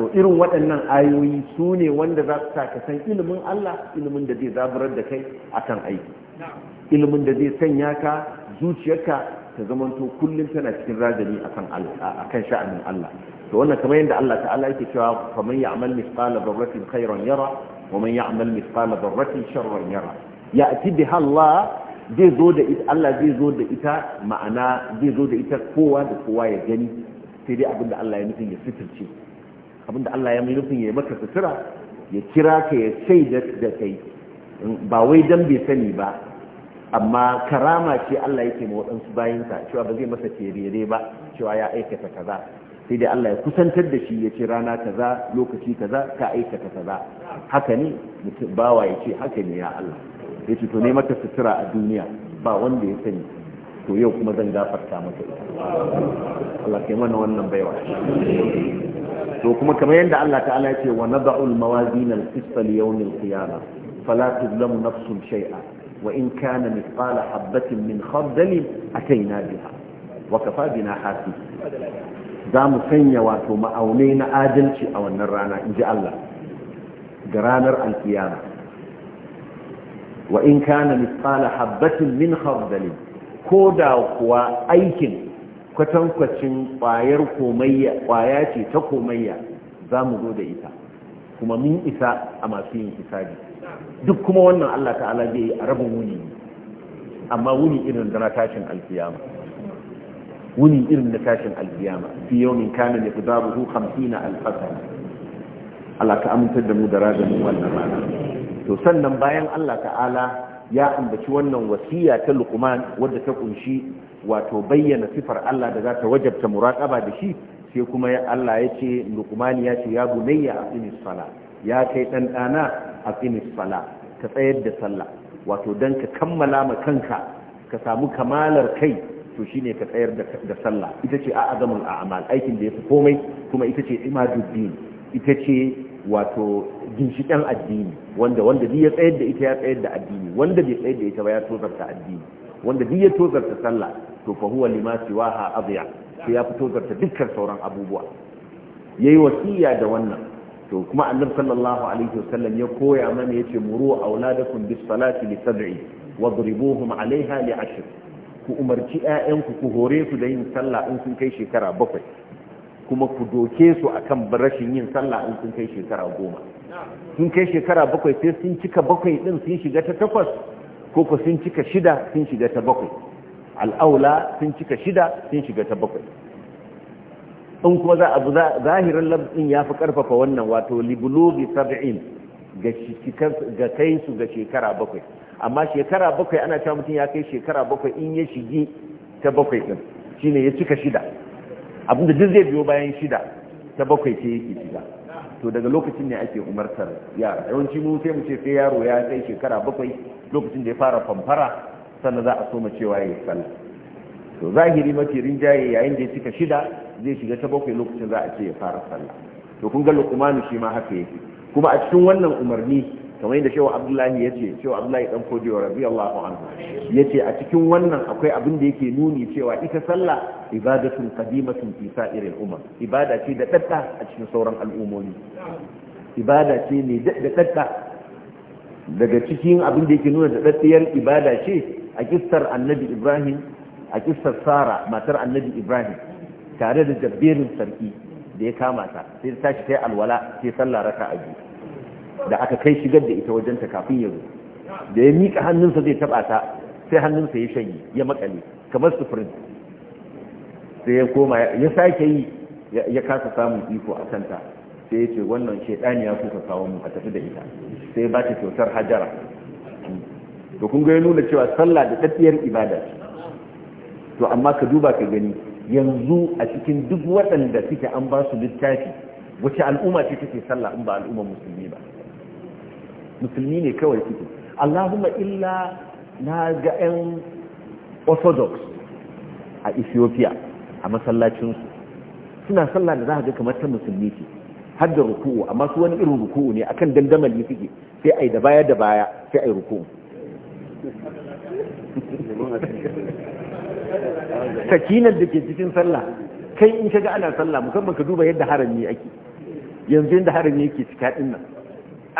to irin waɗannan ayoyi su ne wanda za su sa ka san ilimin Allah ilimin da zai zaburar da kai akan aiki ilimin da zai sanya ka zuciyarka ta zamanto kullum tana cikin rajani akan sha'anin Allah to wannan kamar yadda Allah ta'ala yake cewa faman ya'mal mithqala dharratin khairan yara wa man ya'mal mithqala dharratin sharran yara ya'ti biha Allah zai zo da ita Allah zai zo da ita ma'ana zai zo da ita kowa da kowa ya gani sai dai abinda Allah ya nufin ya sitirce abinda Allah ya nufin ya maka sutura ya kira ka ya shaida da kai ba wai dan bai sani ba amma karama ce Allah yake ma waɗansu bayinsa cewa ba zai masa terere ba cewa ya aikata kaza sai dai Allah ya kusantar da shi ya ce rana kaza lokaci kaza ka aikata kaza haka ne bawa ya ce haka ne ya Allah ya ce to ne maka sutura a duniya ba wanda ya sani to yau kuma zan gafarta maka ita Allah kai mana wannan baiwa to kuma kamar yadda Allah ta'ala ya ce wa nad'u al-mawazin al-qist li yawm al qiyama fala tudlamu nafsun shay'a wa in kana mithqala habatin min khardalin atayna biha wa kafa bina hasib za mu sanya wato ma'aunai na adalci a wannan rana in ji Allah ga ranar alkiyama wa in kana misala habbatin min khardalin ko da kuwa aikin kwatankwacin kwayar komayya kwaya ce ta komayya za mu zo da ita kuma mun isa a masu yin hisabi duk kuma wannan Allah ta'ala zai yi a rabin wuni amma wuni irin da na tashin alkiyama wuni irin na tashin alkiyama fi yawmin kana miqdaruhu 50 alf sana Allah ka amintar da mu da razamin wannan rana to sannan bayan Allah ta'ala ya ambaci wannan wasiya ta Luqman wadda ta kunshi wato bayyana sifar Allah da za ta wajabta muraqaba da shi sai kuma Allah ya ce Luqman ya ce ya bunayya aqimis sala ya kai dan dana aqimis sala ka tsayar da sallah wato dan ka kammala ma kanka ka samu kamalar kai to shine ka tsayar da sallah ita ce a azamul a'mal aikin da yafi komai kuma ita ce imaduddin ita ce wato ginshiƙen addini wanda wanda duk ya tsayar da ita ya tsayar da addini wanda bai tsayar da ita ba ya tozarta addini wanda duk ya tozarta sallah to fa huwa lima siwaha adya sai ya fito zarta dukkan sauran abubuwa yayi wasiya da wannan to kuma annabi sallallahu alaihi wasallam ya koya mana yace muru auladakum bis salati li sab'i wadribuhum alaiha li ashr ku umarci 'ya'yanku ku hore su da yin sallah in sun kai shekara bakwai kuma ku doke su akan rashin yin sallah in sun kai shekara goma sun kai shekara bakwai sai sun cika bakwai din sun shiga ta takwas ko ku sun cika shida sun shiga ta bakwai al'aula sun cika shida sun shiga ta bakwai in kuma za a, zahirin labdin ya fi karfafa wannan wato libulubi sab'in ga kai su ga shekara bakwai amma shekara bakwai ana cewa mutum ya kai shekara bakwai in ya shige ta bakwai din ne ya cika shida abinda duk zai biyo bayan shida ta bakwai ce yake shiga to daga lokacin ne ake umartar yara yawanci mu sai mu ce sai yaro ya kai shekara bakwai lokacin da ya fara famfara sannan za a soma cewa ya sallah to zahiri mafi rinjaye yayin da ya cika shida zai shiga ta bakwai lokacin za a ce ya fara sallah to kun ga lokumanu shi ma haka yake kuma a cikin wannan umarni kamar yadda shehu abdullahi ya ce shehu abdullahi dan kodiyo radiyallahu anhu ya ce a cikin wannan akwai abin da yake nuni cewa ita sallah ibadatun qadimatun fi sa'iril umam ibada ce da a cikin sauran al'umomi ibada ce ne da daga cikin abin da yake nuna da ibada ce a kissar annabi ibrahim a kissar sara matar annabi ibrahim tare da jabberin sarki da ya kama ta sai ta tashi ta alwala sai sallah a biyu da aka kai shigar da ita wajenta kafin ya zo da ya miƙa hannunsa zai taɓa ta sai hannunsa ya shanye ya makale kamar sufurin sai ya koma ya sake yi ya kasa samun iko a kanta sai ya ce wannan shaidani ya kuka kawo mu a tafi da ita sai ba ta kyautar hajara to kun ga ya nuna cewa sallah da tafiyar ibada to amma ka duba ka gani yanzu a cikin duk waɗanda suke an ba su littafi wace al'umma ce take sallah in ba al'ummar musulmi ba musulmi ne kawai suke allahumma illa na ga 'yan orthodox a ethiopia a masallacinsu suna sallah da za ga kamar ta musulmi ce har da ruku'u amma su wani irin ruku'u ne akan dandamali suke sai ai da baya da baya sai ai ruku'u sakinan da ke cikin sallah kai in kaga ana sallah musamman ka duba yadda harami ake yanzu yadda harami yake cika din nan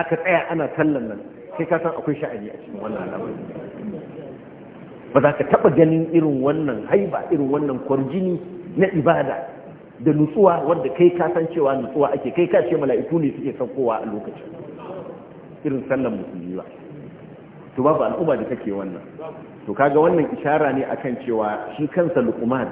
aka tsaya ana sallan nan sai ka san akwai sha'ani a cikin wannan al'amari ba za ka taɓa ganin irin wannan haiba irin wannan kwarjini na ibada da nutsuwa wadda kai ka san cewa nutsuwa ake kai ka ce mala'iku ne suke saukowa a lokacin irin sallan musulmi ba to babu al'umma da take wannan to kaga wannan ishara ne akan cewa shi kansa luqman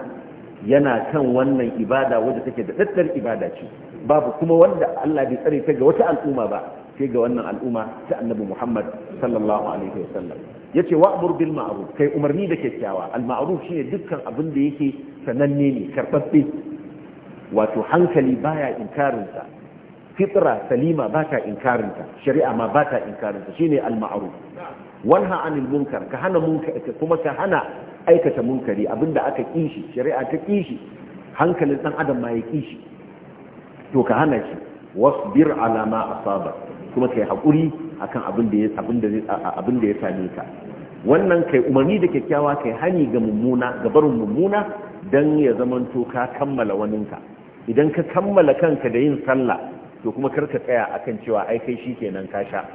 yana kan wannan ibada wanda take da daddar ibada ce babu kuma wanda Allah bai tsare ta ga wata al'umma ba sai ga wannan al'umma ta annabi Muhammad sallallahu alaihi wasallam yace wa'mur bil ma'ruf kai umarni da kyakkyawa al ma'ruf shine dukkan abin da yake sananne ne karbabbe wato hankali baya inkarin sa fitra salima ba ta inkarin ta shari'a ma ba ta inkarin ta shine al ma'ruf wanha anil munkar ka hana munkar kuma ka hana aikata munkari abinda aka kishi shari'a ta kishi hankalin dan adam ma ya kishi to ka hana shi wasbir ala ma asaba kuma kai haƙuri akan abin da ya abin da ya same ka wannan kai umarni da kyakkyawa kai hani ga mummuna ga barin mummuna dan ya zamanto ka kammala waninka idan ka kammala kanka da yin sallah to kuma karka tsaya akan cewa ai kai shi kenan ka sha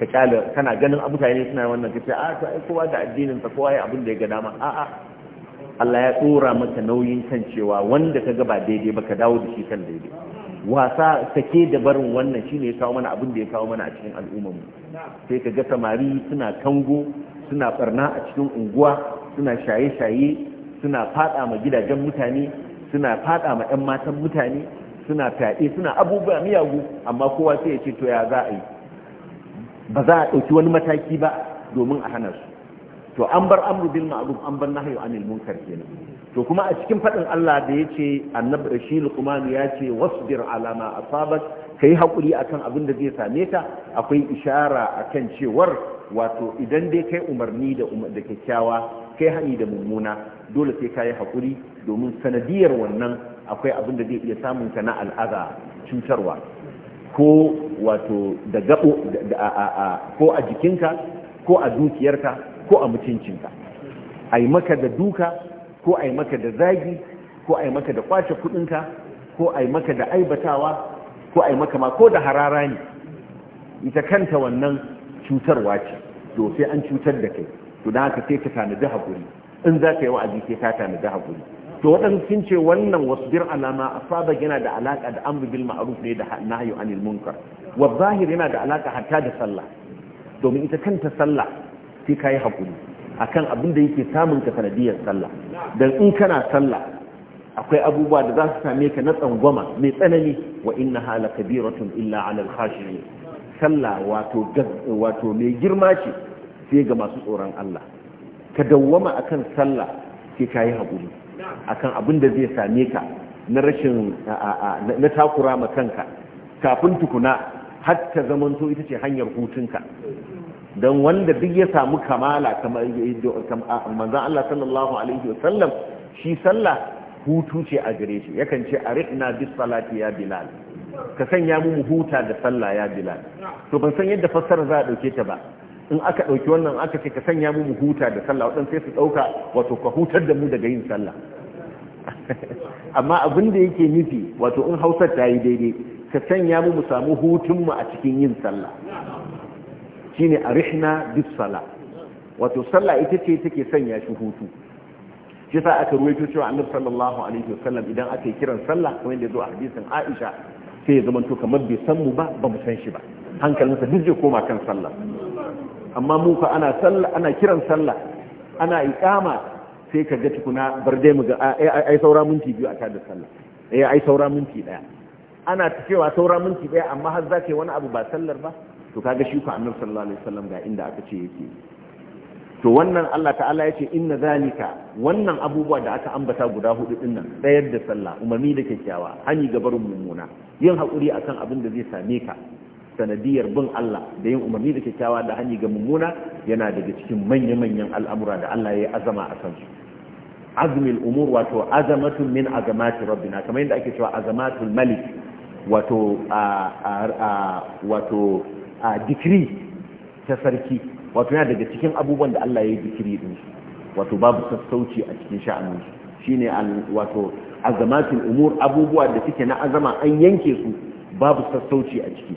ka kyale kana ganin mutane suna wannan kace a to ai kowa da addinin sa kowa ya abin da ya ga dama a a Allah ya tsora maka nauyin kan cewa wanda ka ga ba daidai ba ka dawo da shi kan daidai wasa sake da barin wannan shine ya kawo mana abin da ya kawo mana a cikin al'ummar mu sai ka ga samari suna kango suna barna a cikin unguwa suna shaye-shaye suna fada ma gidajen mutane suna fada ma 'yan matan mutane suna fyaɗe suna abubuwa miyagu amma kowa sai ya ce to ya za a yi ba za a ɗauki wani mataki ba domin a hana su to an bar amru bil ma'ruf an bar nahyu anil munkar kenan to kuma a cikin faɗin Allah da ya ce annabi shi luqman ya ce wasbir ala ma asabat kai haƙuri akan abin da zai same ka akwai ishara akan cewar wato idan dai kai umarni da um-, da kyakkyawa kai hani da mummuna dole sai kai hakuri domin sanadiyar wannan akwai abin da zai iya samun ka na al'aza cutarwa ko wato da gabo ko a jikinka ko a dukiyarka ko a mutuncinka ai maka da duka ko a yi maka da zagi ko a yi maka da kwace kudinka ko a yi maka da aibatawa ko a yi maka ma ko da harara ne ita kanta wannan cutarwa ce to sai an cutar da kai to don haka sai ka tanadi hakuri, in za ka yi wa'azi sai ka tanadi hakuri. to waɗansu sun ce wannan wasbir alama asaba yana da alaƙa da amri bil ma'ruf ne da nahyu anil munkar wa zahir yana da alaƙa hatta da sallah domin ita kanta sallah sai ka yi hakuri. akan abin da yake samun ka sanadiyar sallah dan in kana sallah akwai abubuwa da za su same ka na tsangwama mai tsanani wa inna hala kabiratun illa ala al-khashiyin sallah wato wato mai girma ce sai ga masu tsoron Allah ka dawwama akan sallah ke ka yi haƙuri akan abin da zai same ka na rashin na takura ma kanka kafin tukuna har ta zamanto ita ce hanyar hutunka don wanda duk ya samu kamala kamar manzan Allah sallallahu alaihi wasallam shi sallah hutu ce a gare shi yakan ce a rikna bis salati ya bilal ka sanya mu huta da sallah ya bilal to ban san yadda fassara za a dauke ta ba in aka dauki wannan aka ce ka sanya mu huta da sallah wadan sai su dauka wato ka hutar da mu daga yin sallah (laughs) amma abin da yake nufi wato in Hausa ta yi daidai ka sanya mu mu samu hutun mu a cikin yin sallah shine arihna bis sala wato sallah ita ce take sanya shi hutu shi sa aka ruwaito cewa annabi sallallahu alaihi wasallam idan aka yi kiran sallah kamar yadda zo a hadisin Aisha sai ya zama to kamar bai san mu ba ba mu san shi ba hankalinsa duk zai koma kan sallah amma mu fa ana sallah ana kiran sallah ana iqama sai ka ga tukuna bar dai mu ga ai saura minti biyu a tada sallah eh ai saura minti daya ana cewa saura minti daya amma har zaka wani abu ba sallar ba to kaga shi ku annabi sallallahu alaihi wasallam ga inda aka ce yake to wannan Allah ta'ala ya ce inna zalika wannan abubuwa da aka ambata guda hudu din nan tsayar da sallah umarni da kyakkyawa hani ga barin mummuna yin hakuri akan abin da zai same ka sanadiyar bin Allah da yin umarni da kyakkyawa da hani ga mummuna yana daga cikin manya-manyan al'amura da Allah ya yi azama a kansu azmil umur wato azamatu min azamati rabbina kamar yadda ake cewa azamatul malik wato wato a dikiri ta sarki wato yana daga cikin abubuwan da Allah ya yi dikiri din su wato babu sassauci a cikin sha'anin su shine wato azamatul umur abubuwa da suke na azama an yanke su babu sassauci a ciki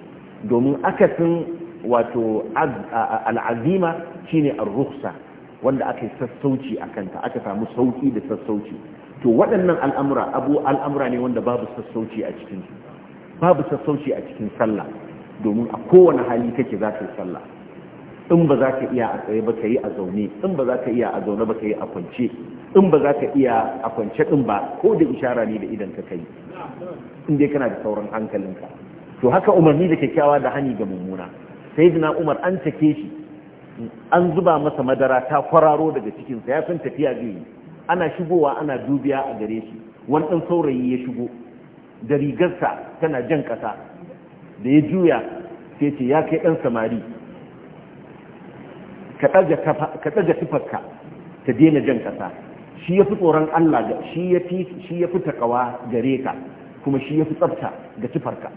domin akasin wato al'azima shine ar-rukhsa wanda aka yi sassauci a kanta aka samu sauki da sassauci to waɗannan al'amura abu al'amura ne wanda babu sassauci a cikin babu sassauci a cikin sallah domin a kowane hali kake za ka yi sallah in ba za ka iya a tsaye ba ka yi a zaune in ba za ka iya a zaune ba ka yi a kwance in ba za ka iya a kwance din ba ko da ishara ne da idan ka kai in dai kana da sauran hankalinka to haka umarni da kyakkyawa da hani ga mummuna sai dina umar an take shi an zuba masa madara ta kwararo daga cikinsa ya san tafiya zai yi ana shigowa ana dubiya a gare shi wani ɗan saurayi ya shigo da rigarsa tana jan ƙasa da ya juya sai ce ya kai ɗan samari ka ɗaga tufarka ta daina jan ƙasa shi ya fi tsoron Allah shi ya fi takawa gare ka kuma shi ya fi tsafta ga tufarka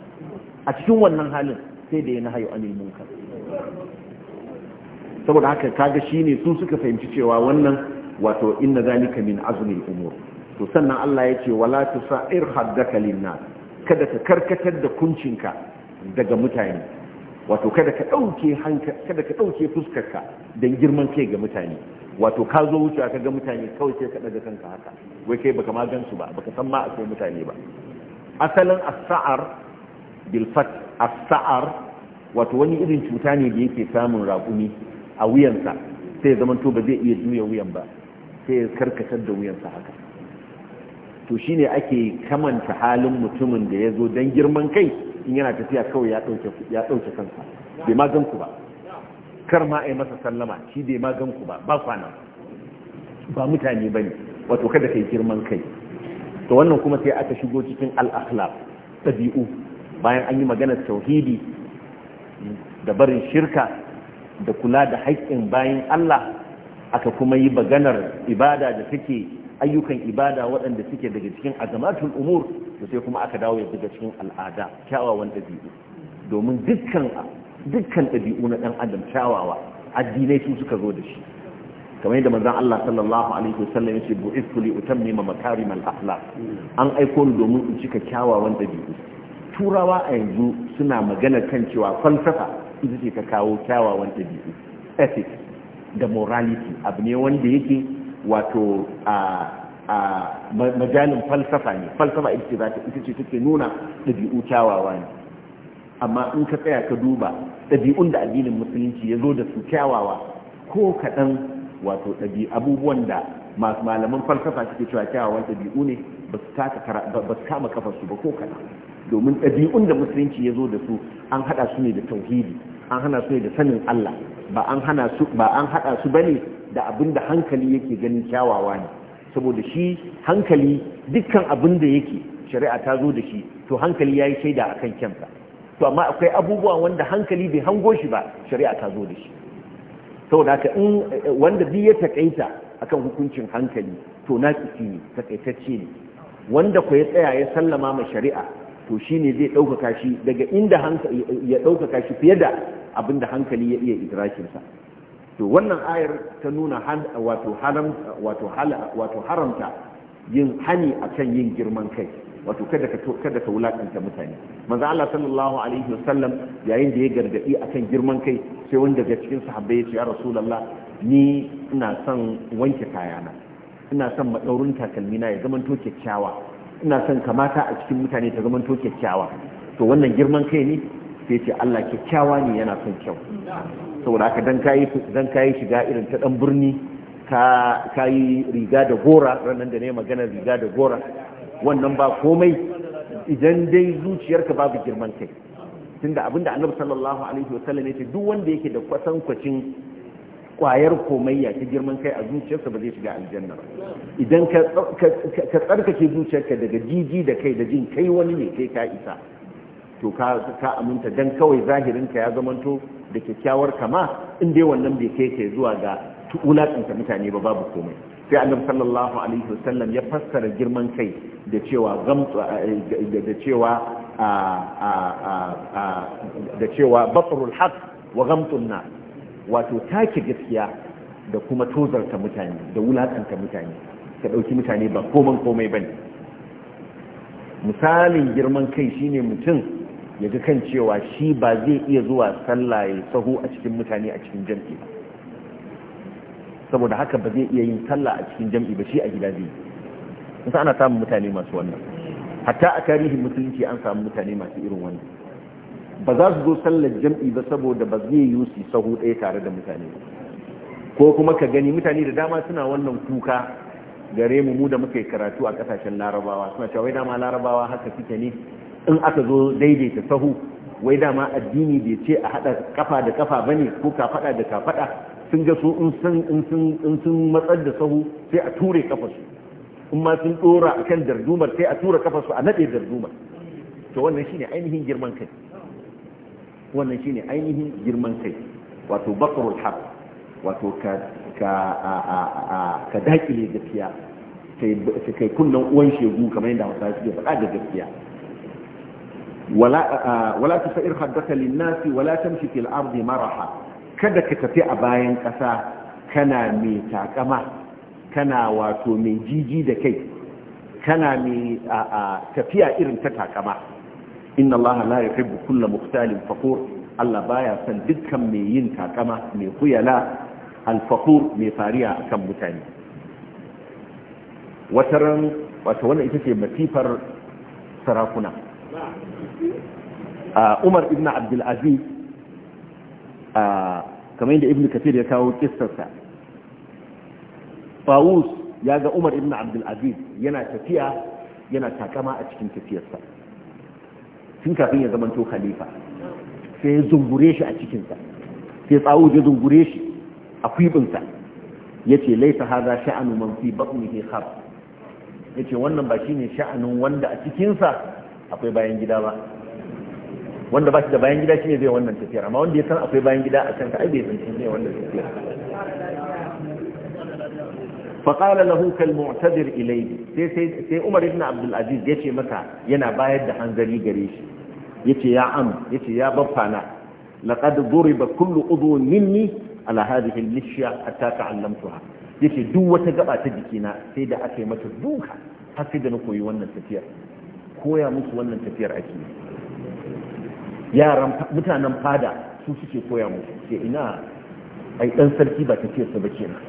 a cikin wannan halin sai da ya na hayo anil saboda haka kaga shi ne su suka fahimci cewa wannan wato inna zalika min azmi umur to sannan Allah ya ce wala tusa'ir haddaka linnas kada ka karkatar da kuncinka daga mutane wato kada ka ɗauke fuskarka don girman kai ga mutane wato ka zo wucewa ka ga mutane kawai sai ka ɗaga kanka haka wai kai baka ma gansu ba baka san ma kai mutane ba asalin Asa'ar Bilfat Asa'ar wato wani irin cuta ne da yake samun raƙumi a wuyansa sai ya zamanto ba zai iya juya wuyan ba sai ya karkatar da wuyansa haka to shine ake kamanta halin mutumin da ya zo don girman kai in yana tafiya kawai ya ɗauke ya ɗauke kansa bai ma gan ku ba kar ma ai masa sallama shi bai ma gan ku ba ba kwana ba mutane bane wato kada ka yi girman kai to wannan kuma sai aka shigo cikin al-akhlaq tabi'u bayan an yi maganar tauhidi da barin shirka da kula da haƙƙin bayan Allah aka kuma yi maganar ibada da take ayyukan ibada waɗanda suke daga cikin azamatul umur da sai kuma aka dawo daga cikin al'ada kyawawan ɗabi'u domin dukkan ɗabi'u na ɗan adam kyawawa addinai su suka zo da shi kamar yadda manzon Allah sallallahu alaihi wasallam yace bu'ithu li utammima makarimal akhlaq an aiko ni domin in cika kyawawan ɗabi'u turawa a yanzu suna magana kan cewa falsafa ita ce ta kawo kyawawan ɗabi'u ethics da morality abu ne wanda yake wato a majalin falsafa ne falsafa ita ce zata ita take nuna ɗabi'u kyawawa ne amma in ka tsaya ka duba ɗabi'un da addinin musulunci ya zo da su kyawawa ko kaɗan wato ɗabi abubuwan da masu malaman falsafa suke cewa kyawawan ɗabi'u ne ba su kama kafarsu ba ko kaɗan domin ɗabi'un da musulunci ya zo da su an haɗa su ne da tauhidi an hana su ne da sanin Allah ba an hana su ba an haɗa su bane da abin da hankali yake ganin kyawawa ne saboda shi hankali dukkan abin da yake shari'a ta zo da shi to hankali ya yi shaida a kan kyanta to amma akwai abubuwan wanda hankali bai hango shi ba shari'a ta zo da shi saboda haka in wanda duk ya takaita akan hukuncin hankali to na naƙisi ne takaitacce ne wanda ku ya tsaya ya sallama ma shari'a to shine zai ɗaukaka shi daga inda ya ɗaukaka shi fiye da abinda hankali ya iya idrakinsa to wannan ayar ta nuna wato haramta yin hani a kan yin girman kai wato kada ka wulaƙanta mutane manzo Allah sallallahu alaihi wasallam yayin da ya gargaɗi a kan girman kai sai wanda daga cikin sahabbai ya ce ya rasulullah ni ina son wanke kayana ina son madaurin takalmi na ya zama to kyakkyawa ina son kamata a cikin mutane ta zama kyakkyawa to wannan girman kai ne sai ce Allah kyakkyawa ne yana son kyau saboda haka dan kayi dan kayi shiga irin ta dan birni ka kayi riga da gora ranan da ne magana riga da gora wannan ba komai idan dai zuciyarka babu girman kai tunda abinda annabi sallallahu alaihi wasallam yake duk wanda yake da kwasan kwacin kwayar komayya ta girman kai a zuciyarsa ba zai shiga aljanna idan ka tsarkake zuciyarka daga jiji da kai da jin kai wani ne kai ka isa to ka aminta dan kawai zahirinka ya zamanto da kyakkyawar kama in dai wannan bai kai kai zuwa ga wulaƙanta mutane ba babu komai sai annabi sallallahu alaihi wasallam ya fassara girman kai da cewa da cewa da cewa basrul haqq wa ghamtun nas wato take gaskiya da kuma tozarta mutane da wulakanta mutane ka dauki mutane ba komai komai bane misalin girman kai shine mutum ya ga kan cewa shi ba zai iya zuwa sallah ya sahu a cikin mutane a cikin jam'i ba saboda haka ba zai iya yin sallah a cikin jam'i ba shi a gida zai nasa ana samun mutane masu wannan hatta a tarihin musulunci an samu mutane masu irin wannan ba za su zo sallar jam'i ba saboda ba zai yi su sahu ɗaya tare da mutane ko kuma ka gani mutane da dama suna wannan kuka gare mu mu da muke karatu a ƙasashen larabawa suna cewa wai dama larabawa haka suke ne in aka zo daidaita sahu wai dama addini bai ce a hada kafa da kafa bane ko kafada da kafada sun ga su in sun in sun in sun matsar da sahu sai a ture kafa su in ma sun dora akan dardumar sai a tura kafa su a nade dardumar to wannan shine ainihin girman kai wannan shine ainihin girman kai wato bakrul haq wato ka ka a ka dakile gaskiya sai kai kunnan uwan shegu kamar yadda Hausa suke faɗa da gaskiya wala ta fa'ir haddaka linnasi wala tamshi fil ardi maraha kada ka tafi a bayan ƙasa kana mai takama kana wato mai jiji da kai kana mai tafiya irin ta takama inna allaha la yuhibbu kulla muqtalin fakhur Allah baya son dukkan mai yin takama mai kuyala alfakhur mai fariya akan mutane wataran wato wannan ita ce matifar sarakuna umar ibn abdulaziz kamar yadda ibn kafir ya kawo kistarsa fawus ya ga umar ibn abdulaziz yana tafiya yana takama a cikin tafiyarsa tun kafin ya zamanto khalifa sai ya zungure shi a cikinsa sai tsawo ya zungure shi a kwibinsa ya ce laisa haza sha'anu man fi batnihi khab ya ce wannan ba shi ne sha'anin wanda a cikinsa akwai bayan gida ba wanda ba shi da bayan gida shi ne zai wannan tafiyar amma wanda ya san akwai bayan gida a can ka ai san shi ne wannan tafiyar fa qala lahu kal mu'tadir ilayhi sai sai umar ibn abdul ya ce maka yana bayar da hanzari gare shi yace ya am yace ya baffana laqad duriba kullu udhu minni a hadhihi al-mishya hatta ta'allamtuha yace duk wata gaba ta jikina sai da aka yi mata duka har da na koyi wannan tafiyar koya musu wannan tafiyar ake yi yaran mutanen fada su suke koya musu ce ina ai dan sarki ba tafiyarsa ba kenan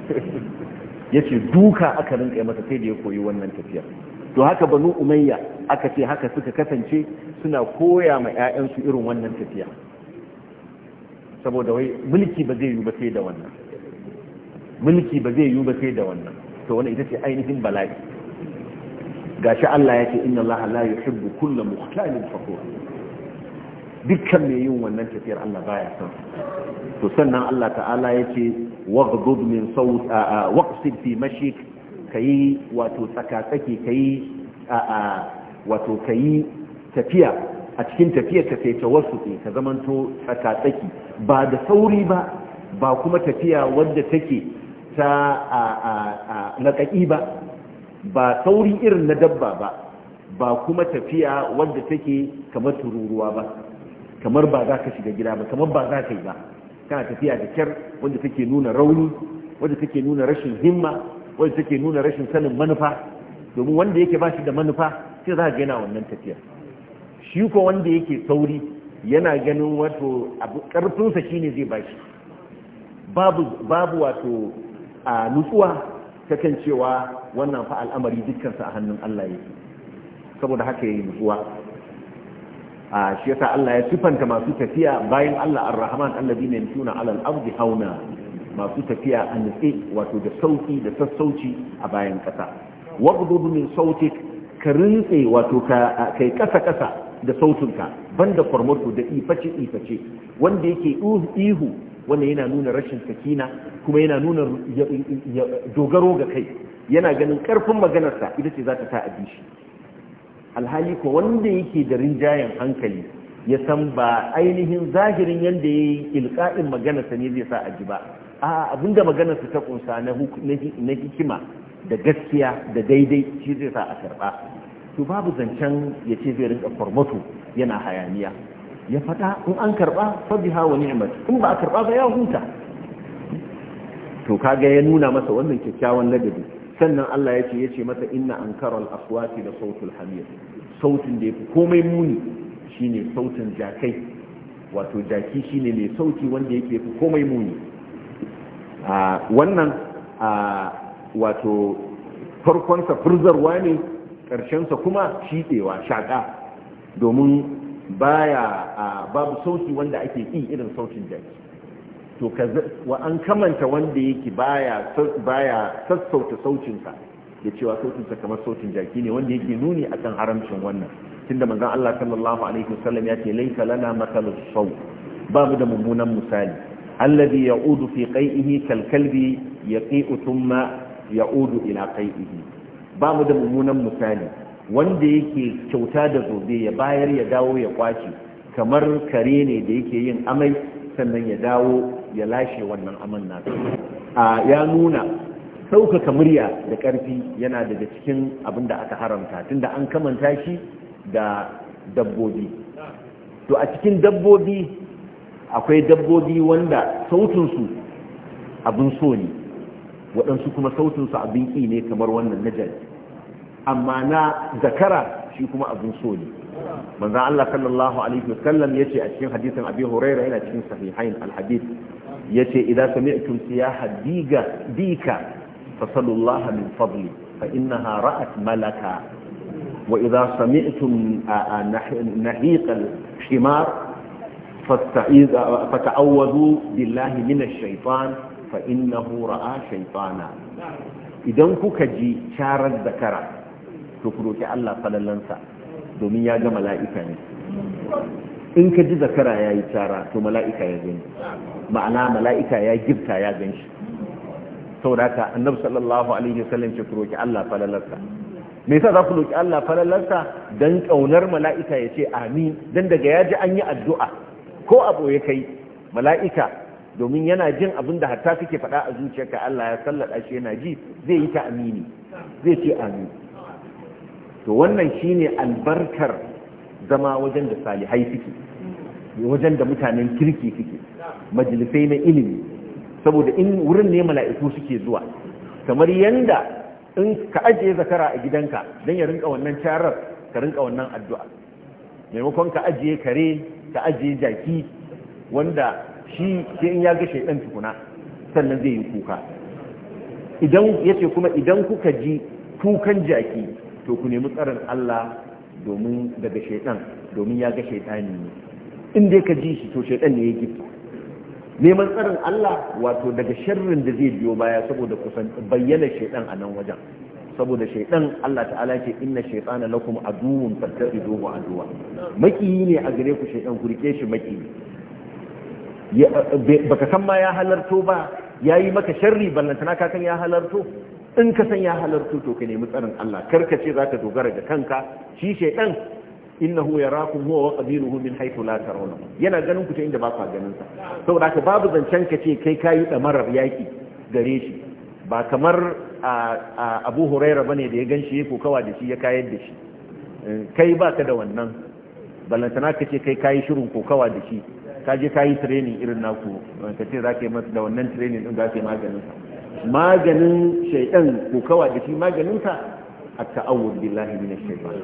(laughs) ya ce duka aka rinka mata sai da ya koyi wannan tafiyar to haka banu umayya aka ce haka suka kasance suna koya ma 'ya'yansu irin wannan tafiya saboda wai mulki ba zai yi ba sai da wannan mulki ba zai yi ba sai da wannan to wannan ita ce ainihin bala'i gashi Allah ya ce inna Allah la yuhibbu kulla mukhtalin fakhur dukkan mai yin wannan tafiyar Allah baya son to sannan Allah ta'ala yace waghdud min sawt waqsid fi mashik kayi wato tsakatsaki kayi wato kayi tafiya a cikin tafiyar ka sai tawassuti ka zamanto tsakatsaki ba da sauri ba ba kuma tafiya wadda take ta laƙaƙi ba ba sauri irin na dabba ba ba kuma tafiya wadda take kamar tururuwa ba kamar ba za ka shiga gida ba kamar ba za ka yi ba kana tafiya da kyar wanda take nuna rauni wanda take nuna rashin himma wanda take nuna rashin sanin manufa domin wanda yake ba shi da manufa sai za ga yana wannan tafiyar shi ko wanda yake sauri yana ganin wato abu karfinsa shine zai bashi babu babu wato a nutsuwa ta kan cewa wannan fa al'amari dukkansa a hannun Allah yake saboda haka yi nutsuwa a shi yasa Allah ya sifanta masu tafiya bayan Allah ar-rahman alladhi yamshuna 'ala al ardi hauna masu tafiya a nitsi wato da sauki da sassauci a bayan kasa waghdud min sautik ka rintse wato ka kai kasa kasa da sautinka banda kormoto da ifaci iface wanda yake ihu wanda yana nuna rashin sakina kuma yana nuna dogaro ga kai yana ganin karfin maganarsa ita ce za ta ta abishi alhali ko wanda yake da rinjayen hankali ya san ba ainihin zahirin yadda ya yi ilka'in maganarsa ne zai sa a ji ba a abinda maganarsa ta kunsa na hikima da gaskiya da daidai shi zai sa a karɓa to babu zancen ya ce zai rinka formato yana hayaniya ya faɗa in an karɓa fabiha wa ni'mat in ba a karɓa ba ya huta to kaga ya nuna masa wannan kyakkyawan ladabi sannan Allah ya ce ya ce mata inna an karal da sautul hamir sautin da ya fi komai muni shine sautin jakai wato jaki shine mai sauti wanda yake fi komai muni wannan wato farkonsa furzarwa ne ƙarshensa kuma shiɗewa shaƙa domin baya babu sauti wanda ake ƙi irin sautin jaki to wa an kamanta wanda yake baya baya sassauta sautinsa da cewa sautinsa kamar sautin jaki ne wanda yake nuni akan haramcin wannan tunda manzon Allah sallallahu alaihi wasallam ya ce laisa lana mathalu saw ba mu da mummunan misali alladhi ya'udu fi qai'ihi kal kalbi yaqi'u thumma ya'udu ila qai'ihi ba mu da mummunan misali wanda yake kyauta da zobe ya bayar ya dawo ya kwaci kamar kare ne da yake yin amai sannan ya dawo ya lashe wannan aman nasa ya nuna ɗaukaka murya da ƙarfi yana daga cikin abin da aka haramta tun da an kamanta shi da dabbobi to a cikin dabbobi akwai dabbobi wanda sautinsu abin so ne waɗansu kuma sautinsu abin ƙi ne kamar wannan na amma na zakara shi kuma abin so ne manzo Allah sallallahu alaihi wasallam yace a cikin hadisin Abi Huraira yana cikin sahihain al-hadith yace idza sami'tum siyaha diga dika fa sallallahu min fadli fa innaha ra'at malaka wa idza sami'tum nahiq al-himar fata'awwadu billahi min ash-shaytan fa innahu ra'a shaytana idan kuka ji charar zakara to ku roki Allah falallansa domin ya ga mala'ika ne in ka ji zakara ya yi tara to mala'ika ya gani ma'ana mala'ika ya girta ya gan shi saboda haka annabi sallallahu alaihi wasallam ce ku roki Allah falalarsa me yasa za ku roki Allah falalarsa dan kaunar mala'ika ya ce amin dan daga ya ji an yi addu'a ko abu ya kai mala'ika domin yana jin abin da hatta suke faɗa a zuciyarka Allah ya sallada shi yana ji zai yi ta amini zai ce amin to wannan shi ne albarkar zama wajen da salihai suke wajen da mutanen kirki suke majalisai na ilimi saboda in wurin ne mala'iku suke zuwa kamar yanda in ka ajiye zakara a gidanka don ya rinka wannan carar ka rinka wannan addu'a maimakon ka ajiye kare ka ajiye jaki wanda shi sai in ya ga shaidan tukuna sannan zai yi kuka idan ya ce kuma idan kuka ji kukan jaki to ku nemi tsarin Allah domin daga shaitan domin ya ga shaitani ne in ka ji shi to shaitan ne ya ji neman tsarin Allah wato daga sharrin da zai biyo baya saboda kusan bayyana shaitan a nan wajen saboda shaitan Allah ta'ala ce inna shaitana lakum aduwwun fattabiduhu aduwa makiyi ne a gare ku shaitan ku rike shi makiyi baka san ma ya halarto ba yayi maka sharri ballantana kakan ya halarto in ka san ya halartu to ka nemi tsarin Allah karka ce zaka dogara da kanka shi shaytan innahu yarakum huwa wa qabiluhu min haythu la tarawna yana ganin ku ta inda ba ka ganin sa saboda ka babu zancen ka ce kai kayi damarar yaki gare shi ba kamar Abu Huraira bane da ya ganshi ya kokawa da shi ya kayar da shi eh, kai ba ka da wannan balantana ka ce kai kayi shirin kokawa da shi ka je kayi training irin naku ka ce za ka yi masa da wannan training din za ka yi maganin sa maganin shaidan ko kawa da shi maganinsa a ta'awud billahi min shaitan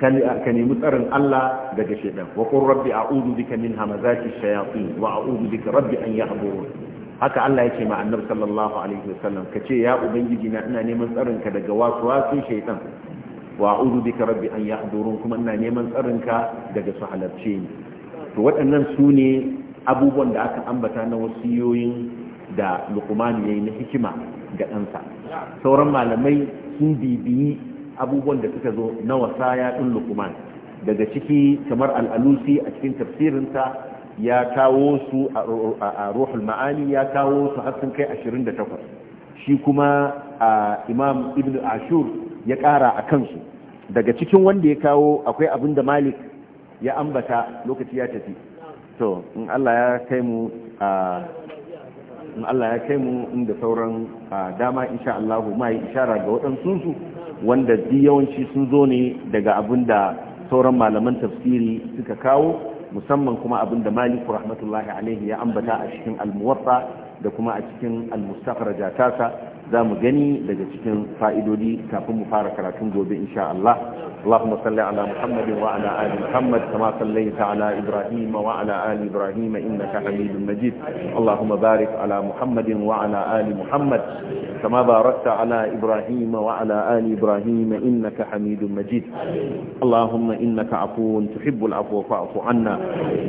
ka nemi tsarin Allah daga shaidan wa qur rabbi a'udhu bika min hamazati shayatin wa a'udhu bika rabbi an yahdurun haka Allah yake ma annabi sallallahu alaihi wasallam kace ya ubangiji na ina neman tsarin ka daga waswasin shaitan wa a'udhu bika rabbi an yahdurun kuma ina neman tsarin ka daga su halarce ni to waɗannan su ne abubuwan da aka ambata na wasiyoyin da lukman ya yi na hikima ga ɗansa sauran malamai sun bibiyi abubuwan da suka zo na wasaya ɗin lukuman daga ciki kamar al'alusi a cikin tafsirinsa ya kawo su a ruhul ma'ani ya kawo su kai ashirin kai 28 shi kuma imam ibn ashur ya ƙara a kansu daga cikin wanda ya kawo akwai abin da malik ya ambata lokaci ya tafi to in allah ya kai mu a in Allah ya kai mu inda sauran dama insha Allah ma yi ishara ga waɗansu su wanda di yawanci sun zo ne daga abin da sauran malaman tafsiri suka kawo musamman kuma abinda da Maliku rahmatullahi alaihi ya ambata a cikin al-Muwatta da kuma a cikin al-Mustakhrajatasa za mu gani daga cikin fa'idodi kafin mu fara karatun gobe insha Allah Allahumma salli ala Muhammadin wa ala ali Muhammad kama sallaita ala Ibrahim wa ala ali Ibrahim innaka Hamidum Majid Allahumma barik ala Muhammadin wa ala ali Muhammad kama barakta ala Ibrahim wa ala ali Ibrahim innaka Hamidum Majid Allahumma innaka afuwun tuhibbul afwa fa'fu anna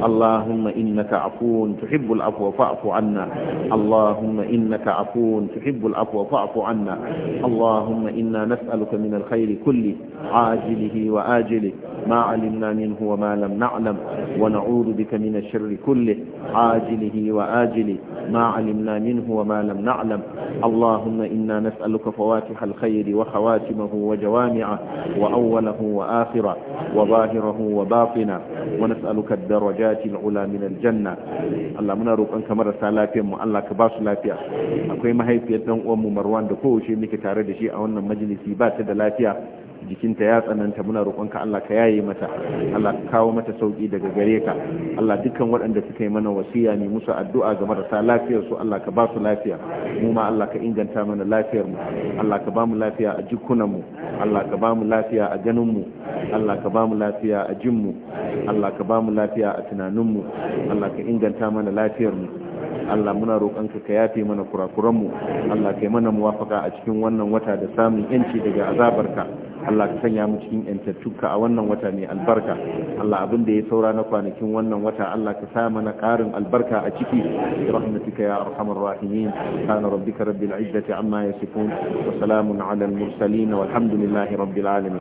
Allahumma innaka afuwun tuhibbul afwa fa'fu anna Allahumma innaka afuwun tuhibbul afwa فاعف عنا اللهم إنا نسألك من الخير كله عاجله وآجله ما علمنا منه وما لم نعلم ونعوذ بك من الشر كله عاجله وآجله ما علمنا منه وما لم نعلم اللهم إنا نسألك فواتح الخير وخواتمه وجوامعه وأوله وآخره وظاهره وباطنه ونسألك الدرجات العلى من الجنة اللهم منا أنك مرسى سالاتهم وأن لك باش لا فيها أكوي ما هي marwan da kowace muke tare da shi a wannan majalisi ba ta da lafiya jikinta ya tsananta muna roƙonka Allah ka yaye mata Allah kawo mata sauki daga gare ka Allah dukkan waɗanda suka yi mana wasiya ne musu addu'a ga marasa lafiyar su Allah ka ba su lafiya mu ma Allah ka inganta mana lafiyar mu Allah ka ba mu lafiya a jikunan mu Allah ka ba mu lafiya a ganin mu Allah ka ba mu lafiya a jin mu Allah ka ba mu lafiya a tunanin mu Allah ka inganta mana lafiyar mu Allah muna roƙonka ka yafe mana kurakuranmu Allah kai mana muwafaka a cikin wannan wata da samun yanci daga azabarka Allah ka sanya mu cikin yantattuka a wannan wata mai albarka Allah abin da ya saura na kwanakin wannan wata Allah ka sa mana ƙarin albarka a ciki bi rahmatika ya arhamar rahimin kana rabbika rabbil izzati amma yasifun wa salamun ala al mursalin walhamdulillahi rabbil alamin